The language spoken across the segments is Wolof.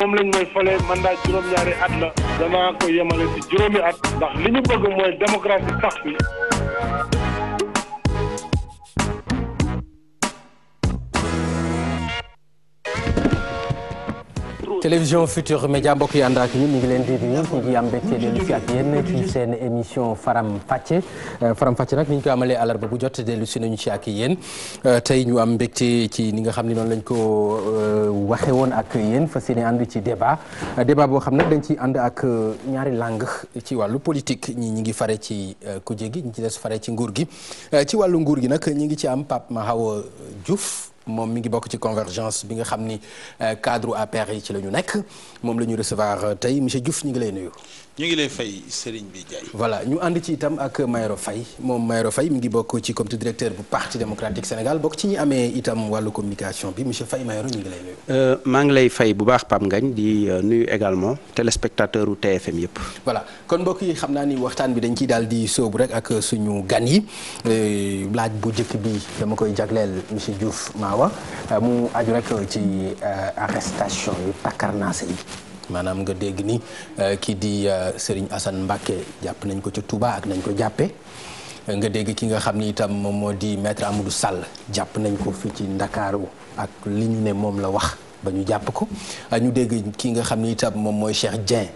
moom lañ may falee mandat juróom-ñaari at la danaa ko yemale ci juróomi at ndax li ñu bëgg mooy démocratie sax bi télévision Futur Média mbokk yi ànd ak ñun ñu leen di nuyu ñu ngi am mbégte dellu si ak yéen ci seen émission Faram Facce euh, Faram Facce nag ni ñu ko amalee àllarba bu jot dellu si nañu ci ak yéen euh, tey ñu am mbégte ci ni nga xam ne noonu lañ ko euh, waxe woon ak yéen fas yéene ànd ci débat débat boo xam nag dañ ciy ànd ak ñaari langue ci wàllu politique ñi ñi ngi fare ci ku gi ñi ci des fare ci nguur gi ci wàllu nguur gi nag ñi ngi ci am Pape Mahawa Diouf moom mi ngi bokk ci convergence bi nga xam ni euh, cadre APR yi ci la ñu nekk moom la ñu recevoir euh, tey monsieur Diouf ñu ngi lay nuyu. ñu ngi lay fay Serigne bi Ndiaye. voilà ñu ànd ci itam ak Mayoro fay moom Mayoro fay mi ngi bokk ci comité directeur bu parti démocratique Sénégal bokk ci ñi amee itam wàllu communication bi monsieur Faye Mayoro ñu euh, maa ngi lay fay bu baax Pape ngañ di euh, nuyu également téléspectateur u TFM yëpp. voilà kon mbokk yi xam naa ni waxtaan bi dañ ciy daal di sóobu rek ak suñu gan yi euh, laaj bu njëkk bi dama koy jagleel monsieur Diouf maawa mu aju rek ci arrestation yi takkarnaase yi. maanaam nga dégg ni euh, kii di euh, Serigne Assane Mbacke jàpp nañ ko ca tubaa ak nañ ko jàppe nga dégg ki nga xam ni itam moom moo di maître Amadou Sall jàpp nañ ko fii ci Ndakaaru ak li ne moom la wax ba jàpp ko euh, ñu dégg ki nga xam ni itam moom mooy Cheikh Dieng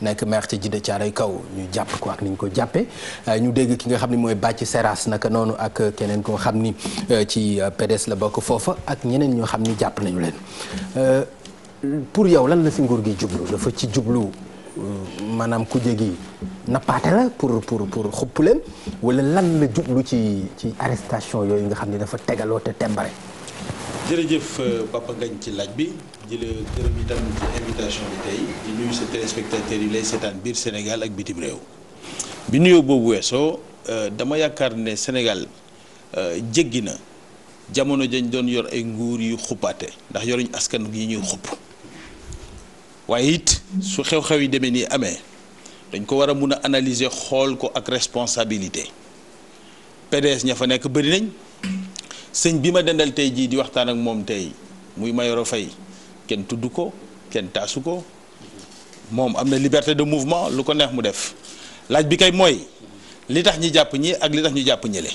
nekk maire ci Jidda Caaray kaw ñu jàpp ko ak ni ñu ko jàppee ñu dégg ki nga xam ni mooy bàcc Seras naka noonu ak keneen koo xam ni ci PDS la bokk foofa ak ñeneen ñoo xam ni jàpp nañu leen pour yow lan la fi nguur gi jublu dafa ci jublu euh, maanaam ku jégi nappaate la pour pour pour xupp leen wala lan la jublu ci ci arrestation yooyu nga xam ne dafa tegaloo te tembare jërëjëf euh, Papa Ngagne ci laaj bi di la gërëm itam ci invitation bi tey di nuyu sa téléspectateurs yi lay seetaan biir Sénégal ak bitim réew bi nuyoo boobu weesoo euh, dama yaakaar ne Sénégal jéggi na jamono jañ doon yor ay nguur yu xuppaate ndax yoruñ askan yi ñuy xupp waaye it su xew-xew yi demee nii amee dañ ko war a mun a analyser xool ko ak responsabilité PDS ña fa nekk bëri nañ sëñ bi ma dendal tey jii di waxtaan ak moom tey muy Mayoro Faye kenn tudd ko kenn taasu ko moom am na liberté de mouvement lu ko neex mu def laaj bi kay mooy li tax ñu jàpp ñi ak li tax ñu jàpp ñële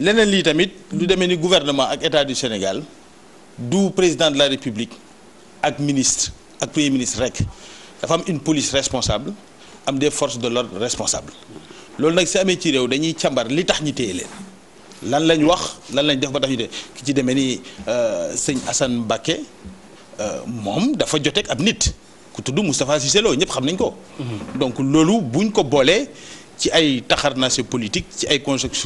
leneen lii tamit lu demee ni gouvernement ak état du Sénégal du président de la République ak ministre ak premier ministre rek dafa am une police responsable am des forces de l'ordre responsable loolu nag si amee ci réew dañuy càmbar li tax ñu téye leen lan lañ wax lan lañ def ba tax ñu téye ki ci demee ni euh, sëñ Assane Mbacké euh, moom dafa joteeg ab nit ku tudd Moustapha Cissé Lo ñëpp xam nañ ko mhm. donc loolu buñ ko boolee ci ay taxarnase politique ci ay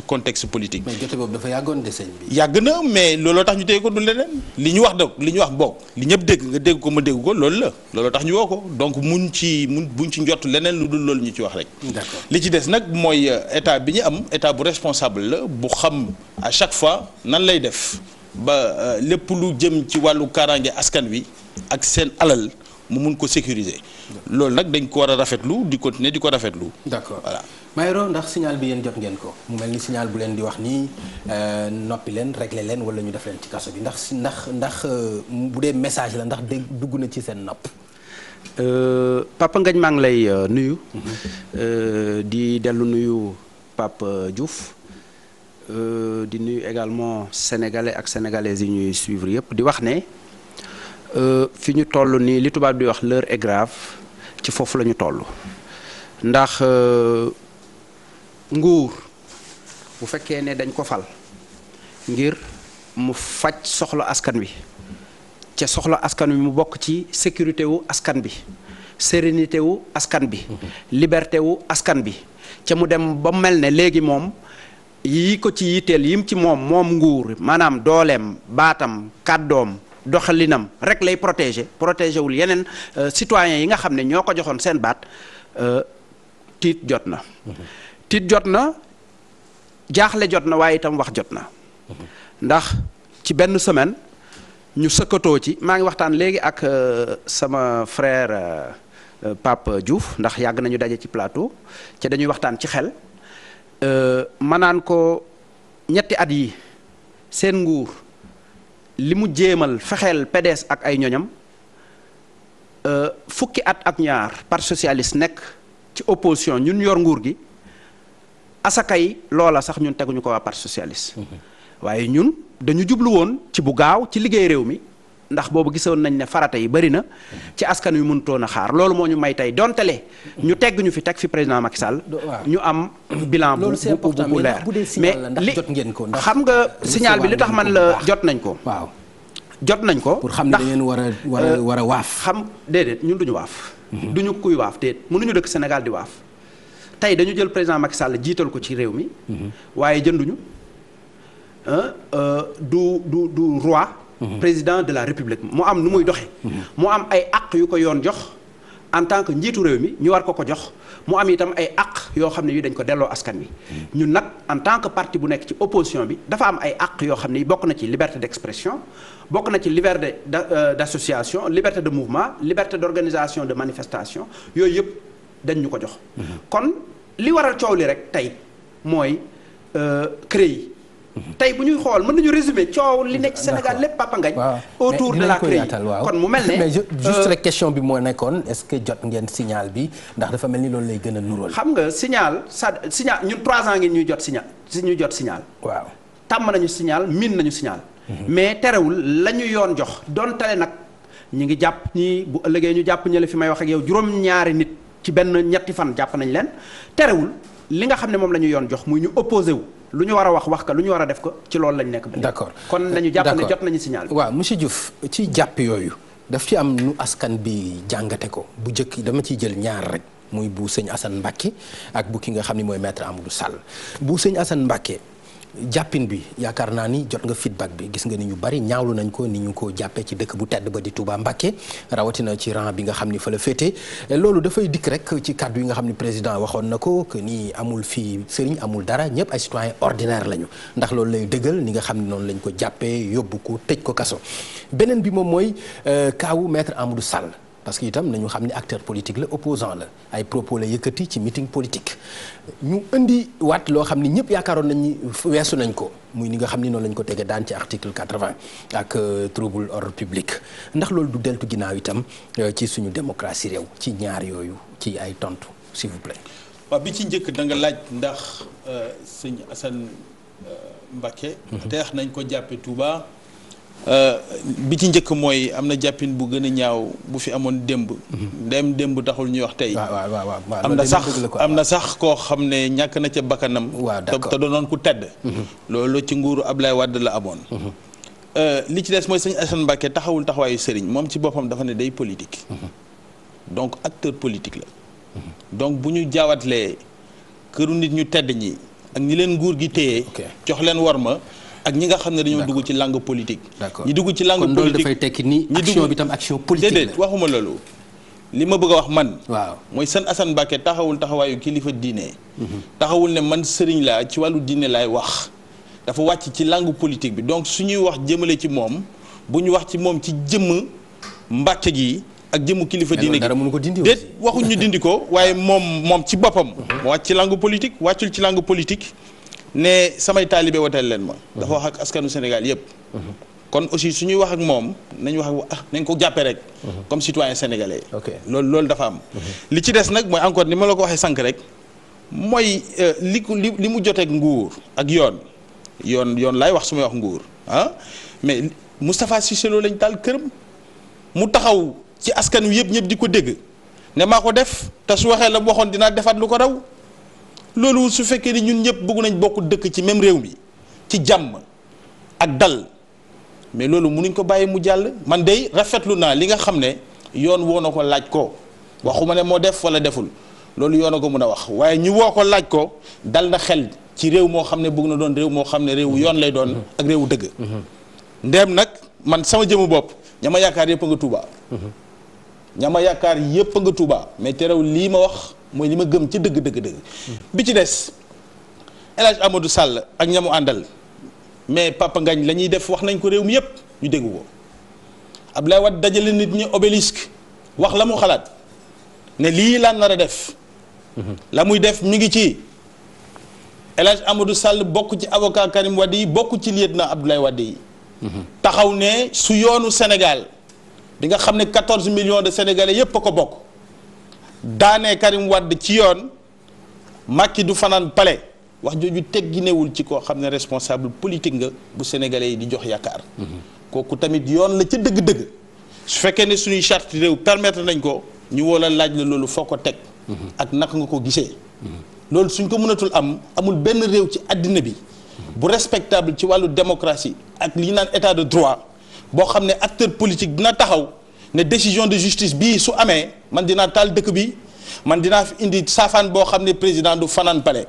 contexte politique. mais jote boobu dafa yàggoon de yàgg na mais looloo tax ñu téye ko du leneen li ñu wax da li ñu wax bokk li ñëpp dégg nga dégg ko ma dégg ko loolu la looloo tax ñu woo ko donc mun ci mun bu buñ ci njott leneen lu dul loolu ñu ci wax rek. d'accord li ci des nag mooy euh, état bi ñu am état bu responsable la bu xam à chaque fois nan lay def ba euh, lépp lu jëm ci wàllu kaaraange askan wi ak seen alal mu mun ko sécuriser. loolu nag dañ ko war a rafetlu di continuer di ko rafetlu. d'accord Mayoro ndax signal bi yéen jot ngeen ko mu mel ni signal bu leen di wax nii euh, noppi leen réglé leen wala ñu def leen ci kaso bi ndax ndax ndax euh, bu dee message la ndax dégg dugg na ci seen nopp. Euh, Papa Ngagne maa ngi lay nuyu. Mhm. di dellu nuyu Pape Diouf. di nuyu également sénégalais ak sénégalaises yi ñuy suivre yëpp di wax ne fi ñu toll nii li tubaab di wax l'heure est ci foofu la ñu toll ndax. nguur bu fekkee ne dañ ko fal ngir mu faj soxla askan wi ca soxla askan wi mu bokk ci sécurité wu askan bi sérénité askan bi liberté wu askan bi ca mu dem ba mel ne léegi moom yi ko ci yitteel yim ci moom moom nguur maanaam dooleem baatam kàddoom doxalinam rek lay protéger protéger wul yeneen euh, citoyens yi nga xam ne ñoo ko joxoon seen baat euh, tiit jot na tiit jot na jaaxle jot na waaye itam wax jot na ndax ci benn semaine ñu sëkkatoo ci maa ngi waxtaan léegi ak euh, sama frère euh, Pape Diouf ndax yàgg nañu daje ci plateau ci dañuy waxtaan ci xel euh, ma naan ko ñetti at yi seen nguur li mu jéemal fexeel PDS ak ay ñoñam fukki at ak ñaar parti socialiste nekk ci opposition ñun yor nguur gi asaka yi loola sax ñun teguñu ko waa parti socialiste. Mhm. waaye ñun dañu jublu woon ci bu gaaw ci liggéey réew mi ndax boobu gisoon nañ ne farata yi bëri na ci askan wi mënutoon a xaar loolu moo ñu may tey dontele ñu tegg ñu fi teg fi président Macky Sall. ñu am bilan bu bu bu leer mais li xam nga signal bi li tax man la jot nañ ko. waaw jot nañ ko. pour xam ne da ngeen war a war a euh, war a waaf. xam déedéet ñun duñu waaf. Mhm. duñu kuy waaf déet mënuñu dëkk Sénégal di waaf. tey dañu jël président Macky Sall jiital ko ci réew mi. waaye jënduñu euh, euh, du du du roi. président de la république mu am nu muy doxe mu am ay àq yu ko yoon jox en tant que njiitu réew mi ñu war ko ko jox mu am itam ay àq yoo xam ne yi dañ ko delloo askan wi. ñun nag en tant que parti bu nekk ci opposition bi dafa am ay àq yoo xam ne bokk na ci liberté d'expression bokk na ci liberté euh, d'association liberté de mouvement liberté d'organisation de manifestation yooyu yëpp. dañ ñu ko jox. kon li waral coow li rek tey mooy euh, CREI yi. tey bu ñuy xool mën nañu résumer coow li nekk Sénégal lépp Papa Ngagne autour de la CREI kon mu mel ne euh, juste rek question bi moo nekkoon est-ce que jot ngeen signal bi ndax dafa mel ni loolu lay gën a nuróol. xam nga signal sa signal ñun trois ans ngeen ñuy jot signal si ñu jot signal. waaw tàmm nañu signal miin nañu signal. Mhm. mais terewul lañu yoon jox doon tale nag ñu ngi jàpp ñi bu ëllëgee ñu jàpp ñële fi may wax ak juróom-ñaari nit. ci benn ñetti fan jàpp nañ leen terewul li nga xam ne moom la ñu yoon jox muy ñu opposé wu lu ñu war a wax wax ka lu ñu war a def ko ci loolu lañ nekk. ba d'accord kon nañu jàpp ne jot nañu signal bi. waaw monsieur Diouf ci jàpp yooyu daf ci am nu askan bi jàngate ko bu njëkk dama ciy jël ñaar rek muy buu sëñ Assane Mbacké ak bu ki nga xam ne mooy maître Amadou Sall buu sëñ Assane Mbacké jàppin bi yaakaar naa ni jot nga feedback bi gis nga ni ñu bari ñaawlu nañ ko ni ñu ko jàppee ci dëkk bu tedd ba di Touba Mbacké rawatina ci rang bi nga xam ni fa la féete loolu dafay dikk rek ci kàddu yi nga xam ni président waxoon na ko que nii amul fii sëriñ amul dara ñëpp ay citoyen ordinaire lañu ndax loolu lay dëggal ni nga xam ni noonu lañ ko jàppee yóbbu ko tëj ko kaso beneen bi moom mooy euh, kaawu maître Amadou Sall parce que itam nañu xam ne acteur politique la opposant la ay propos la yëkkati ci meeting politique ñu indi waat loo xam ni ñëpp yaakaaroon nañ ni weesu nañ ko muy ni nga xam ni noonu lañ ko tegee daan ci article 80 ak euh, trouble ordre public ndax loolu du deltu ginnaaw itam euh, ci suñu démocratie réew ci ñaar yooyu ci ay tontu s'il vous plaît. waaw bi ci njëkk da nga laaj ndax euh, sëñ Assane Mbacké. Mhm. teex nañ ko jàppee Touba. Euh, bi ci njëkk mooy am na jàppin bu gën a ñaaw bu fi amoon démb. dem démb taxul ñuy wax tey. am na sax am na sax koo xam ne ñàkk na ca bakkanam. te doonoon ku tedd. Mhm. loolu ci nguuru Ablaye Wade la amoon. Mhm. Euh, li ci des mooy sëñ Assane Mbacké taxawul taxawaayu sëriñ moom ci boppam dafa ne day politique. Mhm. donc acteur politique la. donc bu ñu jaawatle këru nit ñu tedd ñi. ak ñi leen nguur gi téye. jox leen war ma ak ñi nga xam ne dañoo dugg ci langue politique. d'accord ñi dugg ci langue politique kon loolu dafay tekki ni action bi tam action politique la déedéet waxuma loolu. li ma bëgg a wax man. waaw mooy seen Assane Mbacké taxawul taxawaayu kilifa diine. Mhm. taxawul ne man sëriñ laa ci wàllu diine laay wax. dafa wàcc ci langue politique bi donc su ñuy wax jëmale ci moom bu ñu wax ci moom ci jëmm Mbacké gi ak jëmmu kilifa diine gi dara mënu ko dindi déet waxuñ ñu dindi ko waaye moom moom ci boppam. Mhm. wàcc ci langue politique wàccul ci langue politique. ne samay taalibe woteel leen ma. dafa wax ak askanu Sénégal yëpp. kon aussi su ñuy wax ak moom nañ wax ak ah, nañ ko jàppee rek. comme citoyen sénégalais. ok loolu loolu dafa am. li ci des nag mooy encore ni ma la ko waxee sànq rek mooy euh, li li li mu joteeg nguur ak yoon yoon yoon laay wax su may wax nguur ah mais Moustapha Cissé Lo lañ taal këram mu taxaw ci askan wi yëpp ñëpp di ko dégg ne maa ko def te su waxee la waxoon dinaa defaat lu ko raw. loolu su fekkee ni ñun ñëpp bëgg nañ bokk dëkk ci même réew mi ci jàmm ak dal mais loolu mënuñ ko bàyyi mu jàll man dey rafetlu naa li nga xam ne yoon woo na ko laaj ko waxuma ne moo def wala deful loolu yoon a ko mën a wax waaye ñu woo ko laaj ko dal na xel ci réew moo xam ne bëgg na doon réew moo xam ne réewu yoon lay doon ak réewu dëgg mhm. ndeem nag man sama jëmu bopp ñama yaakaar yëpp nga Tuuba mhm. ñama yaakaar yépp nga Touba mais terew lii ma wax mooy li ma gëm ci dëgg dëgg dëgg bi ci des El Hadj Amadou ak ñamu àndal mais Papa Ngagne la def wax nañ ko réew mi yépp ñu dégg ko Abdoulaye Wade dajale nit ñi obélisque wax la mu xalaat ne lii laa nar a def la muy def mu ngi ci El Hadj Amadou Sall bokk ci avocat Karim Wade yi bokk ci lieutenant Abdoulaye Wade yi taxaw ne su yoonu senegal bi nga xam ne 14 millions de sénégalais yépp a ko bokk daanee Karim Wade ci yoon Macky du fanaan palais wax jooju tegginewul ci koo xam ne responsable politique nga bu sénégalais yi di jox yaakaar. kooku tamit yoon la ca dëgg-dëgg. su fekkee ne suñuy charte réew permettre nañ ko ñu woo la laaj la loolu foo ko teg. ak naka nga ko gisee. loolu suñ ko mënatul am amul benn réew ci àddina bi. bu respectable ci wàllu démocratie ak li ñu naan état de droit. boo xam ne acteur politique dina taxaw ne décision de justice bii su amee man dina taal dëkk bi man dinaa fi indi saafaan boo xam ne président du fanaan palais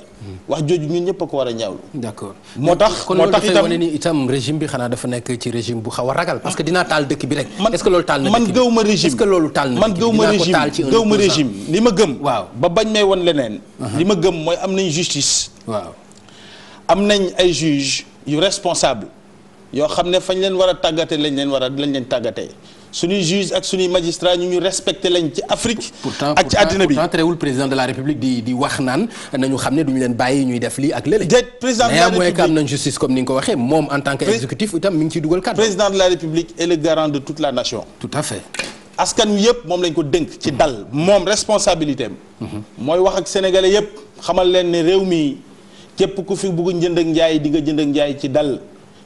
wax jooju ñun ñëpp a ko war a ñaawlu. d'accord moo tax moo tax itam kon loolu ni itam régime bi xanaa dafa nekk ci régime bu xaw a ragal. parce que dinaa dëkk bi rek. est-ce que loolu taal na man gëw ma régime est-ce que loolu taal na man gëw régime li ma gëm. waaw ba bañ may woon leneen. Uh-huh. li ma gëm mooy am nañ justice. waaw am nañ ay juges yu responsable yoo xam ne fañ leen war a tàggate lañ leen war a lañ leen tàggatee suñuy juge ak suñuy magistrat ñu ñu respecté lañ ci Afrique. ak ci àddina bi pourtant terewul président de la république di wax naan nañu xam ne duñu leen bàyyi ñuy def lii ak lële. ko waxee moom en tant que. exécutif itam mi ngi ciy dugal kàddu. président de la république est le garant de toute la nation. askan wi yëpp moom lañ ko dénk. ci dal moom responsabilité am. mooy wax ak sénégalais yëpp xama leen ne réew mi képp ku fi bugg njënd ak di nga jënd ak ci dal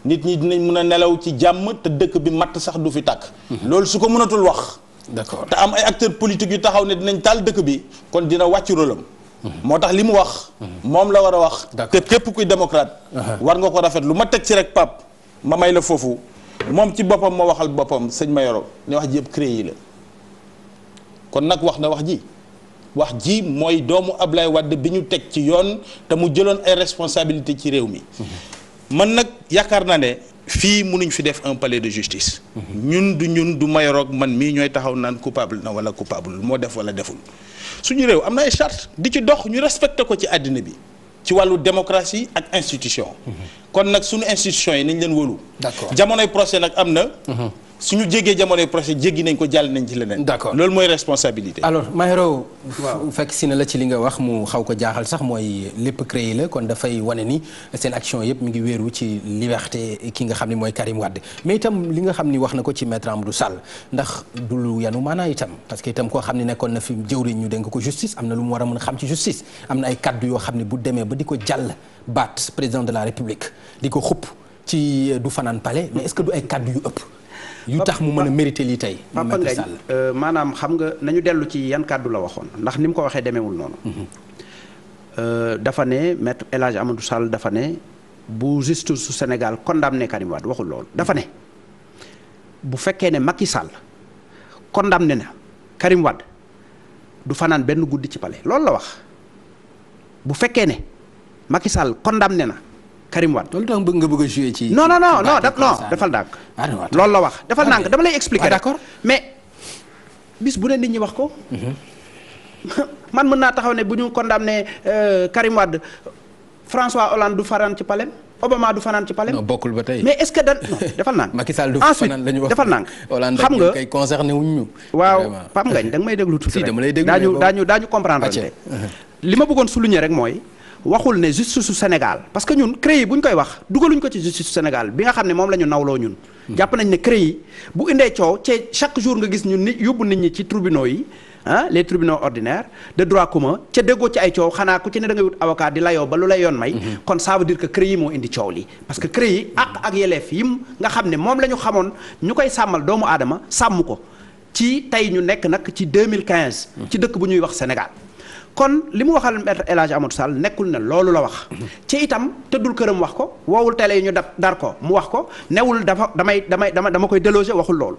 nit ñi dinañ mën a nelaw ci jàmm te dëkk bi matt sax du fi tàkk loolu su ko mënatul wax d'accord te am ay acteurs politiques yu taxaw ne dinañ taal dëkk bi kon dina wàcc rôlam moo tax li mu wax moom la war a wax te képp kuy démocrate uh-huh. war nga ko rafet lu ma teg ci rek pap ma may la foofu moom ci boppam ma waxal boppam sëñ ma Mayoro ne wax ji yëpp crée yi la kon nag wax na wax ji wax ji mooy doomu Ablaye wadd bi ñu teg ci yoon te mu jëloon ay responsabilité ci réew mi uh-huh. man nag yaakaar naa ne fii mënuñ fi def un palais de justice. ñun du ñun du mayoroog man mii ñooy taxaw naan coupable na wala coupable moo def wala deful suñu réew am na ay charte di ci dox ñu respecté ko ci àddina bi ci wàllu démocratie ak institution. Mhm. kon nag suñu institution yi nañu leen wóolu. d'accord jamonoy procès nag am na. Mhm. suñu jegee jamonoy projet jéggi nañ ko jàll nañ ci leneen. d'accord loolu mooy responsabilité. alors Mahero. waaw fekk si ne la ci li nga wax mu xaw ko jaaxal sax mooy lépp créé la kon dafay wane ni seen action yëpp mu ngi wéeru ci liberté ki nga xam ne mooy Karim Wade mais itam li nga xam ni wax na ko ci maître Amadou Sall ndax du lu yanu maanaa itam parce que itam koo xam ne nekkoon na fi jëwriñ ñu dénk ko justice am na lu mu war a mën a xam ci justice am na ay kadd yoo xam ne bu demee ba di ko jàll baat président de la république di ko xup ci du fanaan palais mais est ay kaddu yu ëpp. yu tax mu mën a yi lii tey. Papa Ngagne euh, maanaam xam nga nañu dellu ci yan kàddu la waxoon ndax ni mu ko waxee demeewul noonu. Mhm. Euh, dafa ne maître El Hadj Amadou Sall dafa ne bu justice su Sénégal condamné Karim Wade waxul loolu dafa ne bu fekkee ne Macky Sall condamné na Karim du fanaan benn guddi ci pale loolu la wax bu fekkee ne Macky Sall condamné na. Karim Wade. loolu tax bëgg nga bëgg a joué ci. dafal ndànk. Ah, loolu la wax dafal ah, ndànk dama lay expliquer ah, d'accord mais bis bu ne nit ñi wax ko. Mm-hmm. man mën naa taxaw ne bu ñu kon condamné euh, Karim Wade François Hollande du fanaan ci palais Obama du fanaan ci palais. non bokkul ba tey mais est-ce que dan non defal naa. Macky Sall du fanaan la ñu wax defal naa xam nga kay concerné wuñ ñu. waaw Pape Ngagne da nga may déglu tuuti rek. si dama lay déglu daañu daañu daañu comprendre. li ma bëggoon souligner rek mooy. waxul ne justice su Sénégal parce que ñun CREI bu ñu koy wax dugaluñ ko ci justice Sénégal bi nga xam ne moom la nawloo ñun. jàpp nañ ne CREI bu indee coow ci chaque jour nga gis ñun nit yóbbu nit ñi ci tribunaux yi. ah les tribunaux ordinaire de droit commun ca déggoo ci ay coow xanaa ku ci ne da ngay wut avocat di layoo ba lu lay yoon may. Mhm. kon ça veut dire que CREI moo indi coow li parce que CREI àq ak yelleef yim nga xam ne moom la ñu xamoon ñu koy sàmmal doomu aadama sàmm ko ci tey ñu nekk nag ci 2015. Mhm. ci dëkk bu ñuy wax Sénégal. kon li mu waxal El Hadj Amadou Sall nekkul ne loolu la wax ci itam tëddul këram wax ko woowul tele yi ñu dab dar ko mu wax ko newul dafa damay damay dama dama koy déloger waxul loolu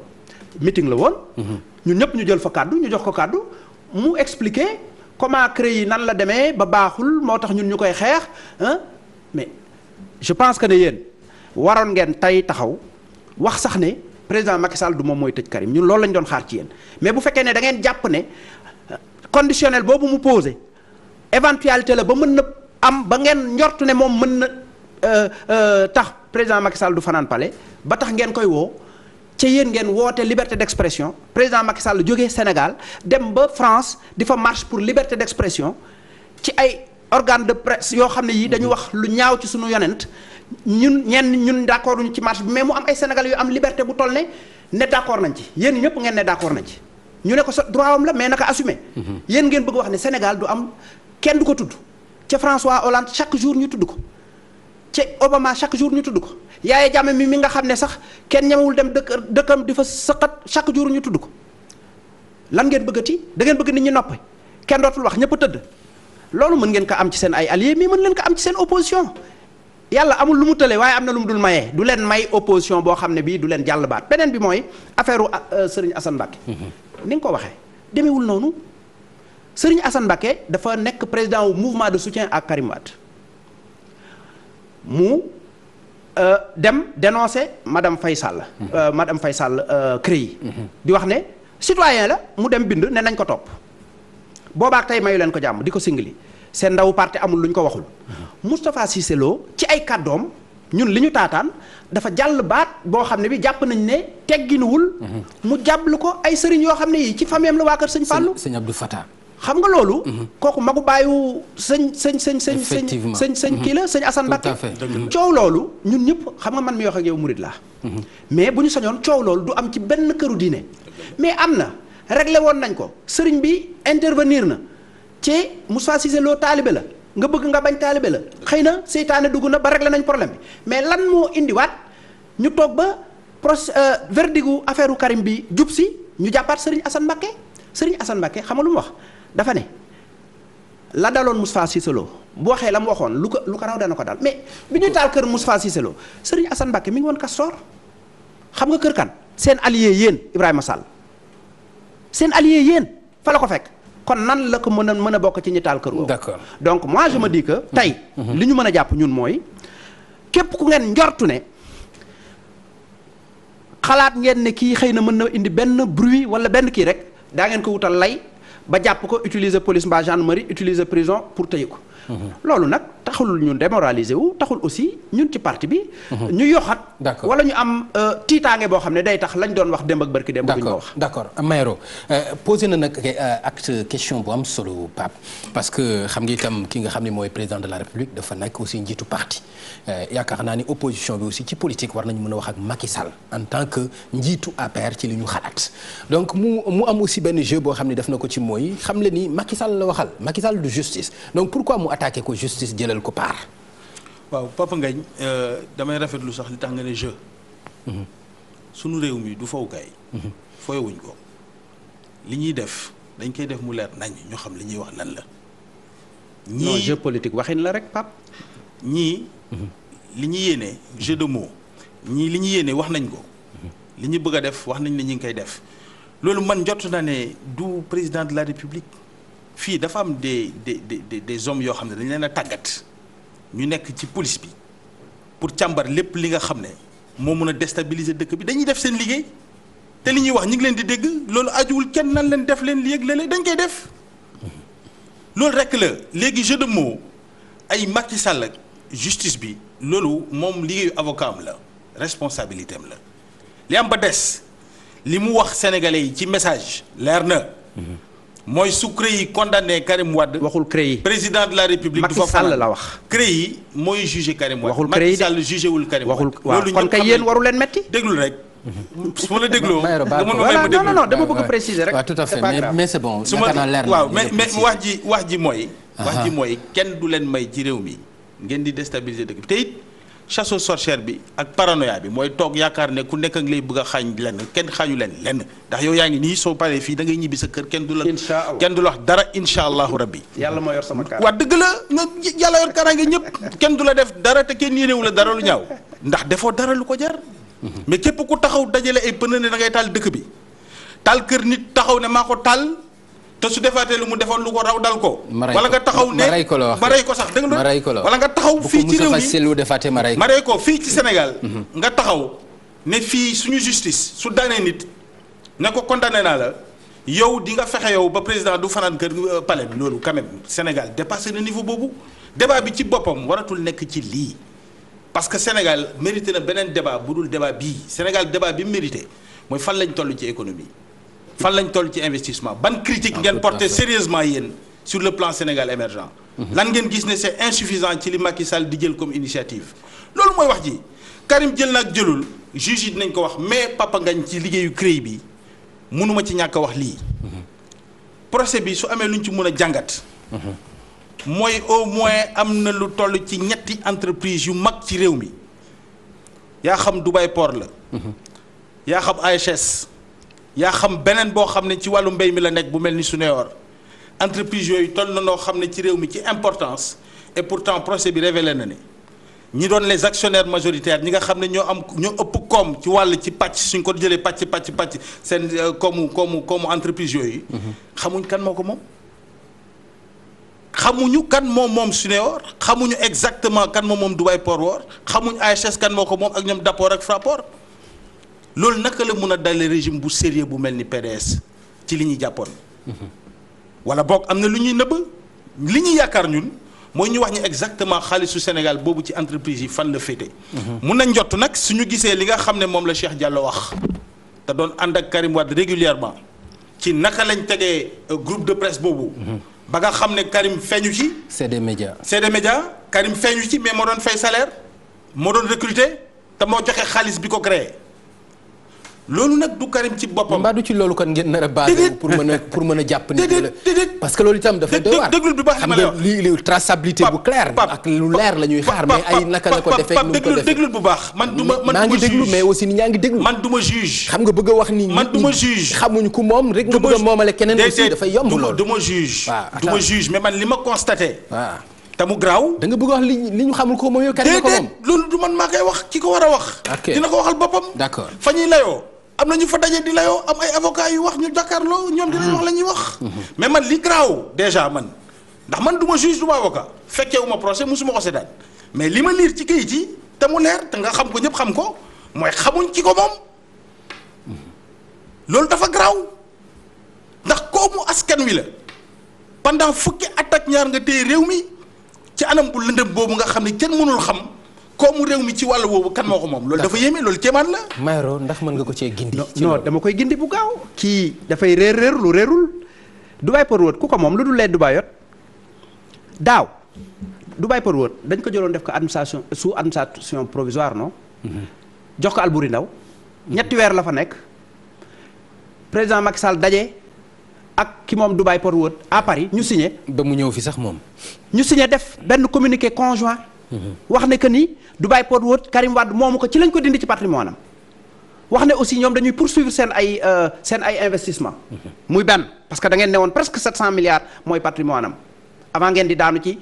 meeting la woon mhm. ñun ñëpp ñu jël fa kàddu ñu jox ko kàddu mu expliquer comment CREI yi nan la demee ba baaxul moo tax ñun ñu koy xeex mais je pense que ne yéen waroon ngeen tey taxaw wax sax ne président Macky Sall du moom mooy tëj Karim ñun loolu lañ doon xaar ci yéen mais bu fekkee ne da ngeen jàpp conditionnel boobu mu posé éventualité la ba mën na am ba ngeen njort ne moom mën na euh, euh, tax président Macky Sall du fanaan palais ba tax ngeen koy woo ci yéen ngeen woote liberté d'expression président Macky Sall jógee Sénégal dem ba France di fa marche pour liberté d'expression ci ay organe de presse yoo xam ne yii dañu wax lu ñaaw ci sunu yonent ñun ñeen ñun d'accord ñu ci marche bi mais mu am ay sénégal yu am liberté bu toll ne ne d'accord nañ ci yéen ñëpp ngeen ne d'accord nañ ci. ñu ne ko sa droit am la mais naka assumer mhm. yéen ngeen bëgg wax ne Sénégal du am kenn du ko tudd ca François Hollande chaque jour ñu tudd ko ca Obama chaque jour ñu tudd ko Yaya Jammeh mi nga xam ne sax kenn ñamewul dem dëkk dëkkam di fa sëqat chaque jour ñu tudd ko lan ngeen bëggati da ngeen bëgg nit ñi noppi kenn dootul wax ñëpp a tëdd loolu mën ngeen ko am ci seen ay alliés mais mën leen ko am ci seen opposition yàlla amul lu mu tële waaye am na lu mu dul mayee du leen may opposition boo xam ne bii du leen jàll baat beneen bi mooy affaire u euh, Serigne Assane Mbacké mhm. ni nga ko waxee demewul noonu Serigne Assane Mbacké dafa nekk président wu mouvement de soutien ak Karim Wade mu euh, dem dénoncer madame Faye Sall. Euh, madame fay Sall euh, CREI. di wax ne citoyen la mu dem bind ne nañ ko topp boobaak tey mayu leen ko jàmm di ko singli seen ndaw parti amul lu ñu ko waxul. Moustapha Cissé ci ay kàddoom ñun li ñu taataan dafa jàll baat. boo xam ne bi jàpp nañ ne tegginuwul. Mhm. mu jàblu ko ay sëriñ yoo xam ne yii ci famille la waa kër sëñ Fallou. sëñ Abdou xam nga loolu. Mhm. kooku magu bàyyu sëñ sëñ sëñ sëñ. effectivement sëñ sëñ mhm. kii la sëñ Assane Mbacké. coow loolu ñun ñëpp xam nga man mi wax ak yow murid laa. mais bu ñu sañoon coow loolu du am ci benn këru diine. mais am na réglé woon nañ ko sëriñ bi intervenir na ci Moussa Cissé Lo taalibe la nga bëgg nga bañ taalibe la xëy na seytaane dugg na ba réglé nañ problème mais lan moo indiwaat. ñu toog ba procès euh, verdigu affaire Karim bi jub si ñu jàppaat sëriñ Assane Mbacké Serigne Assane Mbacké xam nga lu mu wax dafa ne la daloon Moustapha Cissé Lo bu waxee la mu waxoon lu ko lu ko raw dana ko dal mais bi ñuy taal kër Moustapha Cissé Lo Serigne Assane mi ngi woon Castor xam nga kër kan seen allier yéen Ibrahima Sall seen allié yéen fa la ko fekk kon nan la ko mën a mën a bokk ci ñi taal kër woowu. d'accord donc moi je me dis mmh. Mmh. li ñu mën a jàpp ñun mooy képp ku ngeen njortu ne. xalaat ngeen ne kii xëy na mën na indi benn bruit wala benn kii rek daa ngeen ko wutal lay ba jàpp ko utiliser police mbaa gendarmerie utiliser prison pour tëye ko. Mhm. loolu nag taxul ñu démoraliser wu taxul aussi ñun ci parti bi. Mhm. ñu yoxat wala ñu am euh, tiitaange boo xam ne day tax lañ doon wax démb ak barki démb. wax d' accord Mayoro euh, posé na nag euh, acte question bu am solo Pape parce que xam ngi itam ki nga xam ne mooy président de la république dafa nekk aussi njiitu parti yaakaar naa ni opposition bi aussi ci politique war nañu mën a wax ak Macky Sall en tant que njiitu APR ci li ñu xalaat mu mu am aussi benn jeu boo xam ne def na ko ci mooy xam le ni la waxal Macky Sall du justice donc pourquoi mu attaqué ko justice jëlal quelque part. waaw Papa Ngagne euh, damay rafetlu sax li tax nga ne jeu. Mhm. sunu réew mi du fowukaay. Mhm. foyewuñ ko li ñuy def dañ koy def mu leer nañ ñoo xam li ñuy wax lan la. ñii non jeu la rek pap ñii. Mhm. li ñu yéene jeu de mots ñii li ñu yéene wax nañ ko. li ñu bëgg a def wax nañ ne ñu ngi koy def loolu man jot na ne du président de la république fii dafa am de des des des hommes yoo xam ne dañ leen a tàggat. ñu nekk ci police bi pour càmbar lépp li nga xam ne moo mën a déstabiliser dëkk bi dañuy def seen liggéey te li ñuy wax ñu ngi leen di dégg loolu ajuwul kenn nan leen def leen li yëg léeg dañ koy def loolu rek la léegi jeu de mots ay Macky Sall justice bi loolu moom liggéeyu avocat am la responsabilité am la li am ba des li mu wax sénégalais yi ci message leer na. Mhm. mooy su CREI condamné Karim Wade. waxul CREI président de la république. Macky Sall la wax CREI mooy jugé Karim Wade. waxul CREI de Macky Sall jugé wul Karim Wade. loolu kon kay yéen waru leen metti déglul rek. ma la dégloo voilà non non dama bëgg préciser rek. waaw tout à fait mais mais c'est bon. su ma waaw mais mais wax ji wax ji mooy. wax ji mooy kenn du leen may ci réew mi ngeen di déstabiliser dëkk bi te chasse aux sorcières bi ak paranoïa bi mooy toog yaakaar ne ku nekk ak lay bëgg a xaañ lenn kenn xaañu leen lenn ndax yow yaa ngi nii soo paree fii da ngay ñibbi sa kër kenn du la. kenn du la wax dara incha allahu rabbi. yàlla moo yor sama kaaraange waa dëgg la nga yàlla yor kaaraange ñëpp kenn du la def dara te kenn yéenewu la dara lu ñaaw ndax defoo dara lu ko jar. Mhm. mais képp ku taxaw dajale ay pënë ne da taal dëkk bi taal kër nit taxaw ne maa ko taal. te su defaatee lu mu defoon lu ko raw dal ko. wala nga taxaw ne ma rey ko sax dégg nga wala nga taxaw fii ci réew mi ma rey ko fii ci Sénégal. Mhm. nga taxaw ne fii suñu justice su daanee nit ne ko condamné naa la yow di nga fexe yow ba président du fanaan kër euh, palais bi loolu quand Sénégal dépassé na niveau boobu débat bi ci boppam waratul nekk ci lii. parce que Sénégal mérité na beneen débat bu dul débat bii Sénégal débat bi mu mérité mooy fan lañ toll ci économie. fan lañ toll ci investissement ban critique ngeen porté sérieusement yéen sur le plan Sénégal émergent mhm. lan ngeen gis ne c'est insuffisant ci li Macky Sall di jël comme initiative loolu mooy wax ji Karim jël na jëlul juge yi ko wax mais Papa ngañ ci liggéeyu CREI bi mënuma ci ñàkk a wax lii mhm. procès bi su amee lu ñu ci mën a jàngat mhm. mooy au moins am na lu toll ci ñetti entreprise yu mag ci réew mi yaa xam Dubai Port la yaa xam AHS yaa xam beneen boo xam ne ci wàllu mbéy mi la nekk bu mel ni su Suneor entreprise yooyu toll na noo xam ne ci réew mi ci importance et pourtant procès bi révélé na ne ñi doon les actionnaires majoritaires ñi nga xam ne ñoo am ñoo ëpp koom ci wàll ci pàcc suñ ko jëlee pàcc pàcc pàcc seen euh, koomu koomu koomu entreprise yooyu. Mm-hmm. xamuñ kan moo ko moom. xamuñu kan moom moom su Suneor xamuñu exactement kan moom moom Dubai Port World xamuñ AHS kan moo moom ak ñoom Dapor ak Fraport. loolu naka la mun a dale régime bu sérieux bu mel ni PDS ci li ñuy jàppoon. wala boog am na lu ñuy nëbb li ñuy yaakaar ñun mooy ñu wax ñu exactement xaalisu Sénégal boobu ci entreprise yi fan la féete. mun nañ jot nag su ñu gisee li nga xam ne moom la Cheikh Diallo wax te doon ànd ak Karim Wade régulièrement ci naka lañ tegee euh, groupe de presse boobu. ba nga xam ne Karim feeñu ci. CD Média CD Média Karim feeñu ci mais moo doon fay salaire moo doon recruter te moo joxe xaalis bi ko créé. loolu nag du Karim ci boppam. mbaa du ci loolu kon ngeen nar a basé pour mën a pour mën a jàpp ni la parce que loolu itam dafa doy waar déglul bi baax xam nga li traçabilité bu clair ak lu leer la ñuy xaar mais ay naka la ko ko defee déglul bu baax man du ma a wax ni man du ma juge xamuñ a li ma constaté waaw te mu garaaw li li ñu xamul ko moom ko loolu du man maa koy wax ki ko war a wax dina ko waxal boppam d'accord fa ñuy layoo am na ñu fa daje di layoo am ay avocat yu wax ñu jàkkaarloo ñoom dinañ wax la ñuy wax. mais man li garaaw déjà man ndax man du ma juge du ma avocat fekkee wu ma procès musuma ko seetaan mais li ma liir ci kayit yi te mu leer te nga xam ko ñëpp xam ko mooy xamuñ ci ko moom loolu dafa garaaw ndax koomu askan wi la pendant fukki at ak ñaar nga téye réew mi ci anam bu lëndëm boobu nga xam ne kenn mënul xam. koomu réew mi ci wàll woowu kan moo ko moom loolu dafa yéeme loolu kéemaan la. Mayoro ndax mën nga ko cee gindi. non dama koy gindi bu gaaw. kii dafay réer réer lu réerul Dubai Port World ku ko moom lu dul lee Dubai yot daaw Dubai pour World dañ ko jëloon def ko administration sous administration provisoire non. Mhm. jox ko Albouri Ndaw ñetti weer la fa nekk président Macky Sall daje ak ki moom Dubai Port World à Paris ñu siñe ba mu ñëw fi sax moom. ñu signé def benn communiqué conjoint wax ne que ni Dubai Port World Karim Wade moomu ko ci lañ ko dindi ci patrimoine wax ne aussi ñoom dañuy poursuivre seen ay euh, seen ay investissement muy benn parce que da ngeen ne woon presque 700 milliards mooy patrimoine am avant ngeen di daanu ci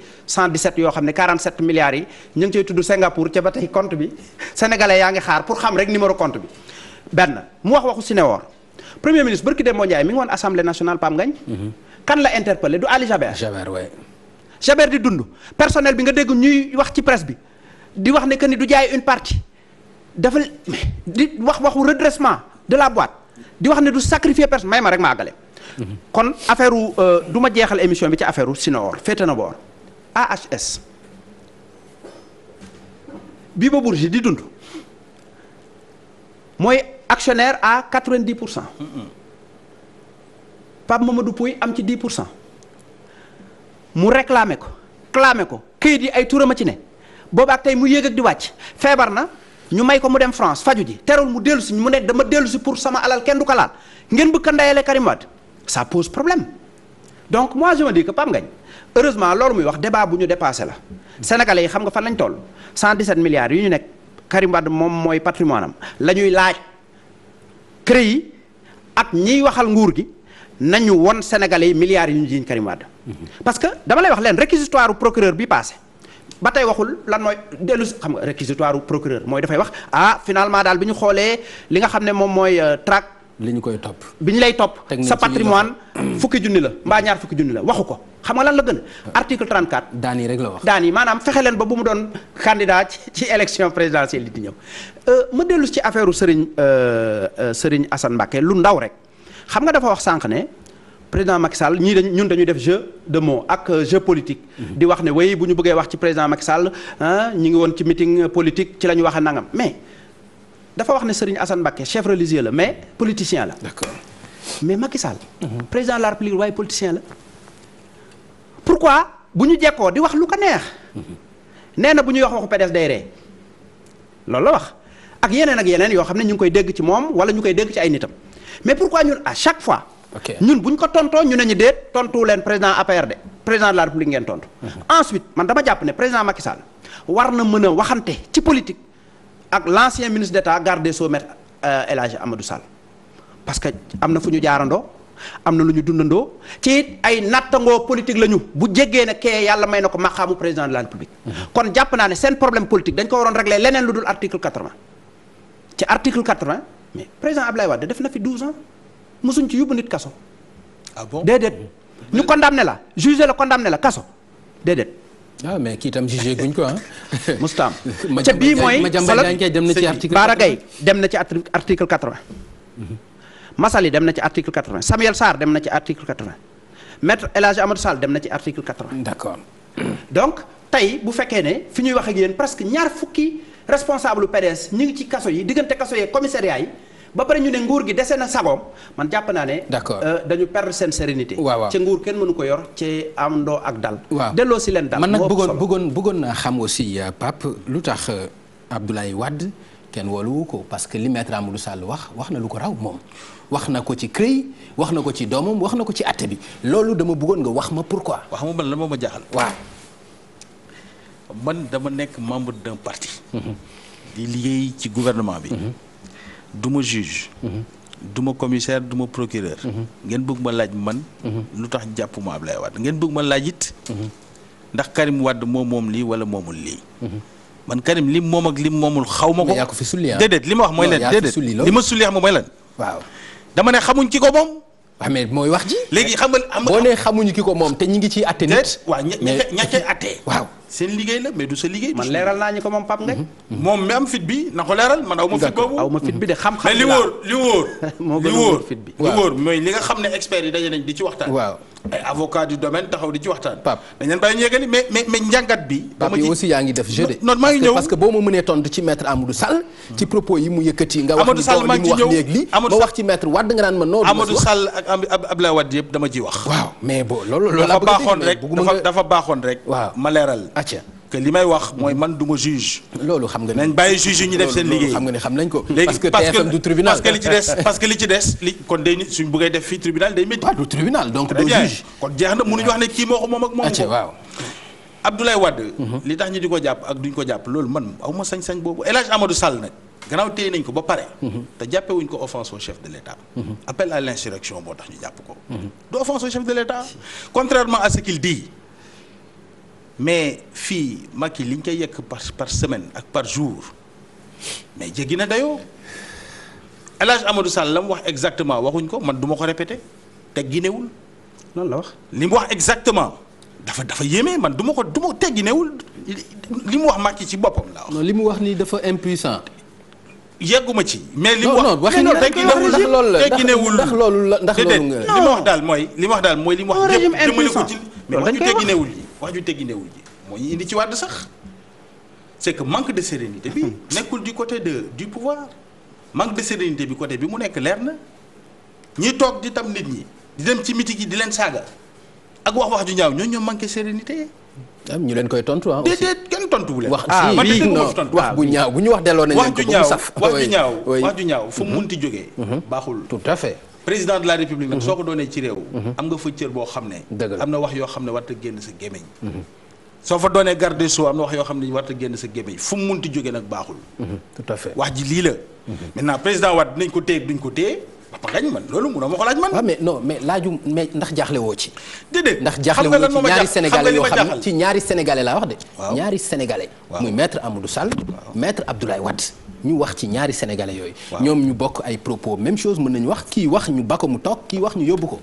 yoo xam ne 47 milliards yi ñu ngi cay tudd Singapour ca ba tey compte bi sénégalais yaa ngi xaar pour xam rek numéro compte bi benn mu wax waxu Sinéor premier ministre barki Demba Ndiaye mi ngi woon assemblée nationale Pam Ngagne mhm. kan la interpellé du Ali Jaber di dund personnel bi nga dégg ñuy wax ci presse bi di wax ne que ni du jaay une partie dafa di wax waxu redressement de la boîte di wax ne du sacrifier personne may ma rek ma àggale. Mhm. kon affaire euh, du ma jeexal émission bi ci affaire Sinéor féete na boor AHS Bibo Bourgi di dund mooy actionnaire à 90 pour cent Pape du Pouy am ci 10 pour cent. mu réclamé ko clamé ko këyit yi ay turam a ci ne boobu tey mu yéeg ak di wàcc feebar na ñu may ko mu dem France faju ji terewul mu dellu si mu nekk dama dellu si pour sama alal kenn du ko laal ngeen bëgg a ndayalee Karim Wade ça pose problème donc mois je me dis que Pape Ngagne heureusement loolu muy wax débat bu ñu dépassé la sénégalais yi xam nga fan lañ toll 117 milliards yu ñu nekk Karim moom mooy patrimoine am la ñuy laaj CREI yi ak ñiy waxal nguur gi nañu won sénégalais yi milliards yi ñu jiiñ Karim Wade parce que dama lay wax leen réquisitoire procureur bi passé ba tey waxul lan mooy dellu xam nga réquisitoire procureur mooy dafay wax ah finalement daal bi ñu xoolee li nga xam ne moom mooy euh, trac li ñu koy topp bi ñu lay topp sa patrimoine fukki junni la mbaa ñaar fukki junni la waxu ko xam nga lan la gën article 34 daan yi rek la wax daan yi maanaam fexe leen ba bu mu doon candidat ci ci élection présidentielle li di ñëw euh, ma dellu ci affaire u Serigne euh, Serigne Assane lu ndaw rek xam nga dafa wax sànq ne président Macky Sall ñii dañ ñun dañuy def jeu de mots ak euh, jeu politique. Mhm. di wax ne way bu ñu bëggee wax ci président Macky Sall ñu ngi woon ci meeting euh, politique ci lañu wax a nangam mais dafa wax ne Serigne Assane Mbacké chef religieux la mais politicien la. d'accord mais Macky Sall. Mhm. président la République waaye politicien la. pourquoi bu ñu jekkoo di wax lu ko neex. Mhm. nee na bu ñuy wax waxu PDS day ree loolu la wax ak yeneen ak yeneen yoo xam ne ñu ngi koy dégg ci moom wala ñu koy dégg ci ay nitam. mais pourquoi ñun à chaque fois. ñun bu ñu ko tontoo ñu ne ñu déet tontu leen président APR de président de la république ngeen tontu. Mhm. ensuite man dama jàpp ne président Macky Sall war na mën a waxante ci politique ak l' ancien ministre d' état garde des sceaux maître euh, El Hadji Amadou Sall parce que am na fu ñu jaarandoo am na lu ñu dundandoo ci ay nattangoo politique la ñu bu jegee ne kee yàlla may na ko maqaamu président de la république. Mhm. kon jàpp naa ne seen problème politique dañ ko waroon régler leneen lu dul article 80 ci article 80. mais président Ablaye Wade def na fi 12 ans mosuñ ci yóbbu nit kaso. ah bon déedéet ñu ne la jugé la condamné la kaso déedéet. ah kii tam jugé guñ ko ah. mustaam ca bii mooy. dem na ci article Bara Gaye dem na ci article 80. Mhm. Massaly dem na ci article 80 Samuel Sarr dem na ci article 80 maître El Hadj dem na ci article 80. d'accord donc tey bu fekkee ne fi ñuy wax ak yéen presque ñaar fukki responsable PDS ñu ngi ci kaso yi diggante kaso yeeg commissariat ba pare ñu ne nguur gi dese na sagoom man jàpp naa ne. d'accord euh, dañu perdre seen sérénité. waaw ca nguur kenn mënu ko yor ci àndoo ak dal. waaw delloo si leen dal. man nag bëggoon bëggoon bëggoon naa xam si euh, Pape lu tax euh, Abdoulaye Wade kenn wooluwu ko parce que li maître Amadou Sall wax wax na lu ko raw moom. wax na ko ci CREI wax na ko ci doomam wax na ko ci àtte bi loolu dama bëggoon nga wax ma pourquoi. wax ma man la ma ma jaaxal. dama nekk membre d'un parti. Mhm. di liggéey ci gouvernement bi. Mhm. du ma juge mhm. du ma commissaire du ma procureur mhm. ngeen bëgg ma laaj man mhm. lu tax jàpp ma Ablaye Wade ngeen bëgg ma laaj it ndax Karim Wade moom moom lii wala moomul lii man Karim lim moom ak lim moomul xaw ma ko ah. déedéet li ma wax mooy lan déedéet li ma sulli xam nga mooy lan waaw dama ne xamuñ ci ko moom waaw mooy wax ji. léegi xam nga boo nee xamuñu ki ko moom te ñi ngi ci atte nit. waaw ña ña cay atte. waaw seen liggéey la mais du sa liggéey. man leeral naa ñu ko moom Pape Ngagne. Mm-hmm. moom mi am fit bi na ko leeral man aw ma fit aw ma bi de xam-xam li wóor li wóor. moo gën fit bi li wóor mooy li nga xam ne experts yi daje nañ di ci waxtaan. waaw ay avocat du domaine taxaw di ci waxtaan. Pape dañ leen bàyyi ñu yeggali mais mais mais njàngat bi. ba ma ci aussi yaa ngi def jeu de. non maa parce que boo ma mënee tontu ci maître Amadou Sall. ci propos yi mu yëkkati nga wax. Amadou Sall maa ci ñëw li mu wax ma wax ci maître Wade nga naan ma noonu. Amadou Sall ak Abdoulaye Wade yëpp dama ciy wax. waaw mais bo loolu loolu laa bëgg a dafa dafa baaxoon rek. ma leeral. acca que li may wax mooy man du juge. loolu xam nga nañ bàyyi juge yi ñu def seen liggéey parce que parce que li ci des parce que li ci des li kon day suñ buggee def fii tribunal day métti. du tribunal donc du juge. kon jeex na mënuñu wax ne kii moo moom ak moom ko waaw. Abdoulaye mhm. li tax ñu di ko jàpp ak duñ ko jàpp loolu man aw sañ-sañ boobu El Hadj Amadou Sall nag. téye nañ ko ba pare. Mhm. te jàppee ko offense chef de l' mhm. appel à l' mais fii Macky liñ koy yekk par par semaine ak par jour mais jéggi na dayoo El Hadj Amadou Sall la mu wax exactement waxuñ ko man du ma ko répété tegginewul. noonu la wax li mu wax exactement dafa dafa yéeme man du ko du ma tegginewul li mu wax Macky ci boppam la wax. non li mu wax nii dafa impuissant. yegguma ci mais li mu wax non non tegginewul ndax loolu la ndax loolu nga li ma wax daal mooy li ma wax daal mooy li mu wax. régime impuissant jëmale ko ci mais wax ñu tegginewul wax ju tegginewul ji moo ñu indi ci wàdd sax c'est que manque de sérénité bi nekkul du côté de du pouvoir manque de sérénité bi côté bi mu nekk leer na ñi toog di tam nit ñi di dem ci mitig yi di leen saaga ak wax wax ju ñaaw ñoo ñoo manqué sérénité ñu leen koy tontu ah déedéet kenn tontu wu leen ah, ah, wax bu ñaaw bu ñu wax delloo nañ leen ko bu mu saf wax ju ñaaw wax ju ñaaw fu mhm. mun ti jógee mhm. baaxul tout à fait président de la république nag mhm. soo ko doonee ci réew mhm. am nga fa boo xam ne am na wax yoo xam ne war a génn sa gémmiñ mhm. soo fa doonee garde des sceaux am yoo xam ne war a génn sa gémmiñ fu mu munti jógee nag baaxul tout wax ji lii la naa président Wade dinañ ko téye duñ ko téye pagañ man loolu munoo ma ko laaj man. waaw mais non mais laaju mais ndax jaaxle woo ci. déedéet ndax jaaxle woo ci ñaari sénégalais yoo xam ne ci ñaari sénégalais laa wax de. ñaari sénégalais. muy maître Amadou Sall. maître Abdoulaye Wade. ñu wax ci ñaari sénégalais yooyu. ñoom ñu bokk ay propos même chose mën nañu wax kii wax ñu ba ko mu toog kii wax ñu yóbbu ko.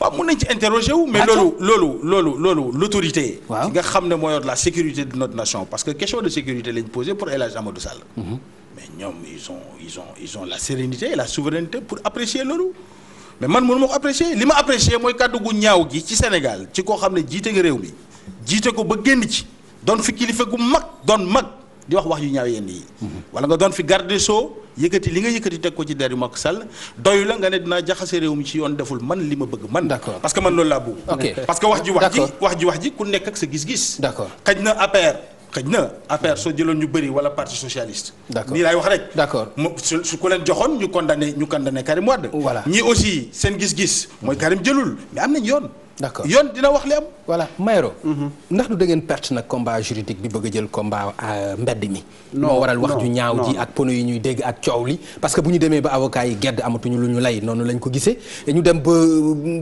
waaw mën nañ ci interroger wu. mais loolu loolu loolu loolu l'autorité. waaw nga xam ne moo yor la sécurité de notre nation parce que question de sécurité lañ posé pour El Hadj Amadou Sall. Mhm. mais ñoom ils ont ils ont ils ont la sérénité et la souveraineté pour apprécier loolu. mais man mënu ma ko apprécier li ma apprécier mooy kàddu gu ñaaw gi ci Sénégal ci koo xam ne jiite nga réew mi jiite ko ba génn ci doon fi kilifa gu mag doon mag. di wax wax yu ñaaw yenn yi. wala nga doon fi garde soo yëkkati li nga yëkkati teg ko ci der yu Macky Sall doyu la nga ne dinaa jaxase réew mi ci yoon deful man li ma bëgg man. d'accord parce que man loolu laa bëgg. parce que wax ji wax ji wax ji wax ji ku nekk ak sa gis-gis. d'accord na APR. xëj na affaire soo jëloon ñu bëri wala parti socialiste. d'accord nii laay wax rek. d'accord mu su ku leen joxoon ñu condamné ñu condamné Karim Wade. voilà ñii aussi seen gis-gis. mooy mm-hmm. Karim jëlul mais am nañ yoon. d'accord yoon dina wax li am. voilà Mayoro. Mhm. ndax du da ngeen perte nag combat juridique bi bëgg a jël combat euh, mbedd mi. moo waral wax ju ñaaw ji ak pono yi ñuy dégg ak coow li. parce que bu ñu demee ba avocat yi gedd lu ñu lay noonu lañ ko gisee ñu dem ba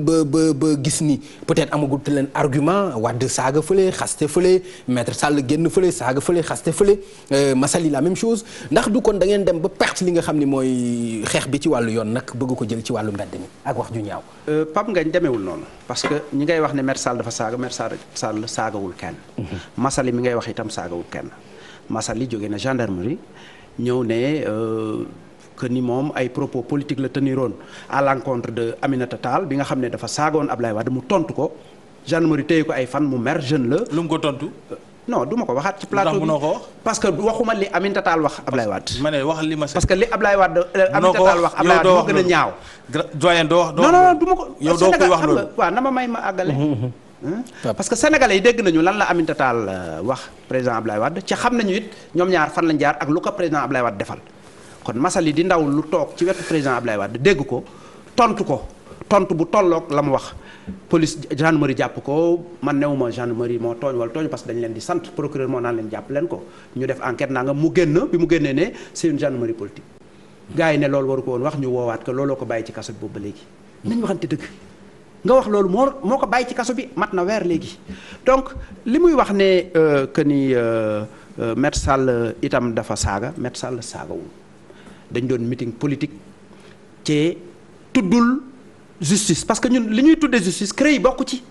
ba ba ba gis ni peut-être amagul te leen argument wàdd saaga fële xaste fële maître Sall génn fële saaga fële xaste fële euh, Massaly la même chose ndax du kon da ngeen dem ba perte li nga xam ni mooy xeex bi ci wàllu yoon nag bëgg ko jël ci wàllu mbedd mi ak wax ju ñaaw. Euh, Pape Ngagne demeewul noonu ñi ngay wax ne Maître Sall dafa saaga Maître Sall saagawul kenn. Massaly mi ngay wax itam saagawul kenn Massaly jóge na gendarmerie ñëw ne. Euh, que ni moom ay propos politique la teniroon à l'encontre de Aminata taal bi nga xam ne dafa saagoon Ablaye Wade mu tontu ko gendarmerie téye ko ay fan mu mer jeune la. lu mu ko tontu. non du ma ko waxaat ci plateau bi parce que waxuma li Aminata Tall wax Ablaye Wade. ma ne wax li ma parce que li Ablaye Wade. Euh, Aminata moo gën a ñaaw. doyen wax. non non du ma ko. yow doo wax loolu waaw na may ma àggale. Mhm. parce que sénégalais yi dégg nañu lan la Aminata Tall euh, wax président Ablaye Wade ci xam nañu it ñoom ñaar fan lañ jaar ak lu ko président Ablaye Wade defal. kon Massaly di ndaw lu toog ci wetu président Ablaye Wade dégg ko tontu ko tontu bu tolloog la mu wax. police gendarmerie jàpp ko man newuma gendarmerie moo tooñ wala tooñ parce dañ leen di sant procureur moo naan leen jàpp leen ko ñu def enquête naa nga mu génn bi mu génnee ne c'est une gendarmerie politique yi ne loolu waru ko woon wax ñu woowaat ko looloo ko bàyyi ci kaso bi boobu léegi nañ waxante dëgg nga wax loolu moo moo ko bàyyi ci kaso bi mat na weer léegi donc li muy wax ne euh, que ni euh, euh, Maître Sall itam dafa saaga Maître Sall saagawul dañ doon meeting politique ci tuddul justice parce que ñun li ñuy tuddee justice CREI bokk ci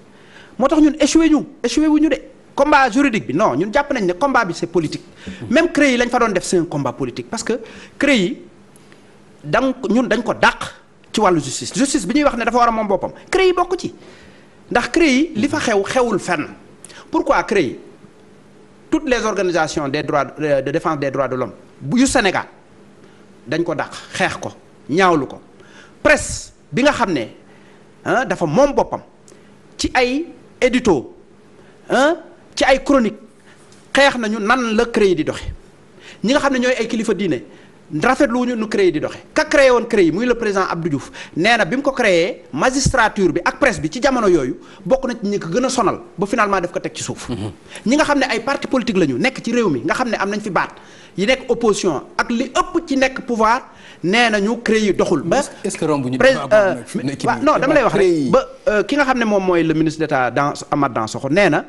moo tax ñun échoué ñu échoué wu ñu de combat juridique bi non ñun jàpp nañ ne combat bi c'est politique même yi lañ fa doon def c'est un combat politique parce que CREI dañ ñun dañ ko dàq ci wàllu justice justice bi ñuy wax ne dafa war a moom boppam yi bokk ci ndax yi li fa xew xewul fenn pourquoi yi toutes les organisations des droits euh, de défense des droits de l'homme yu Sénégal dañ ko dàq xeex ko ñaawlu ko bi nga xam ne dafa moom boppam ci ay édito ci ay chronique xeex nañu nan la CREI di doxe ñi nga xam ne ñooy ay kilifa diine rafetlu wuñu nu CREI di doxe ka créé woon CREI muy le président Abdou Diouf nee na bi mu ko créé magistrature bi ak presse bi ci jamono yooyu bokk na ci ñi ko gën a sonal ba finalement daf ko teg ci suuf. Mm-hmm. ñi nga xam ne ay parti politique la ñu nekk ci réew mi nga xam ne am nañ fi baat yi nekk opposition ak li ëpp ci nekk pouvoir. nee na ñu CREI yi doxul. ba est-ce que romb ñu euh, non dama lay wax rek ba euh, ki nga xam ne moom mooy le ministre d'État dans dan Dansokho nee na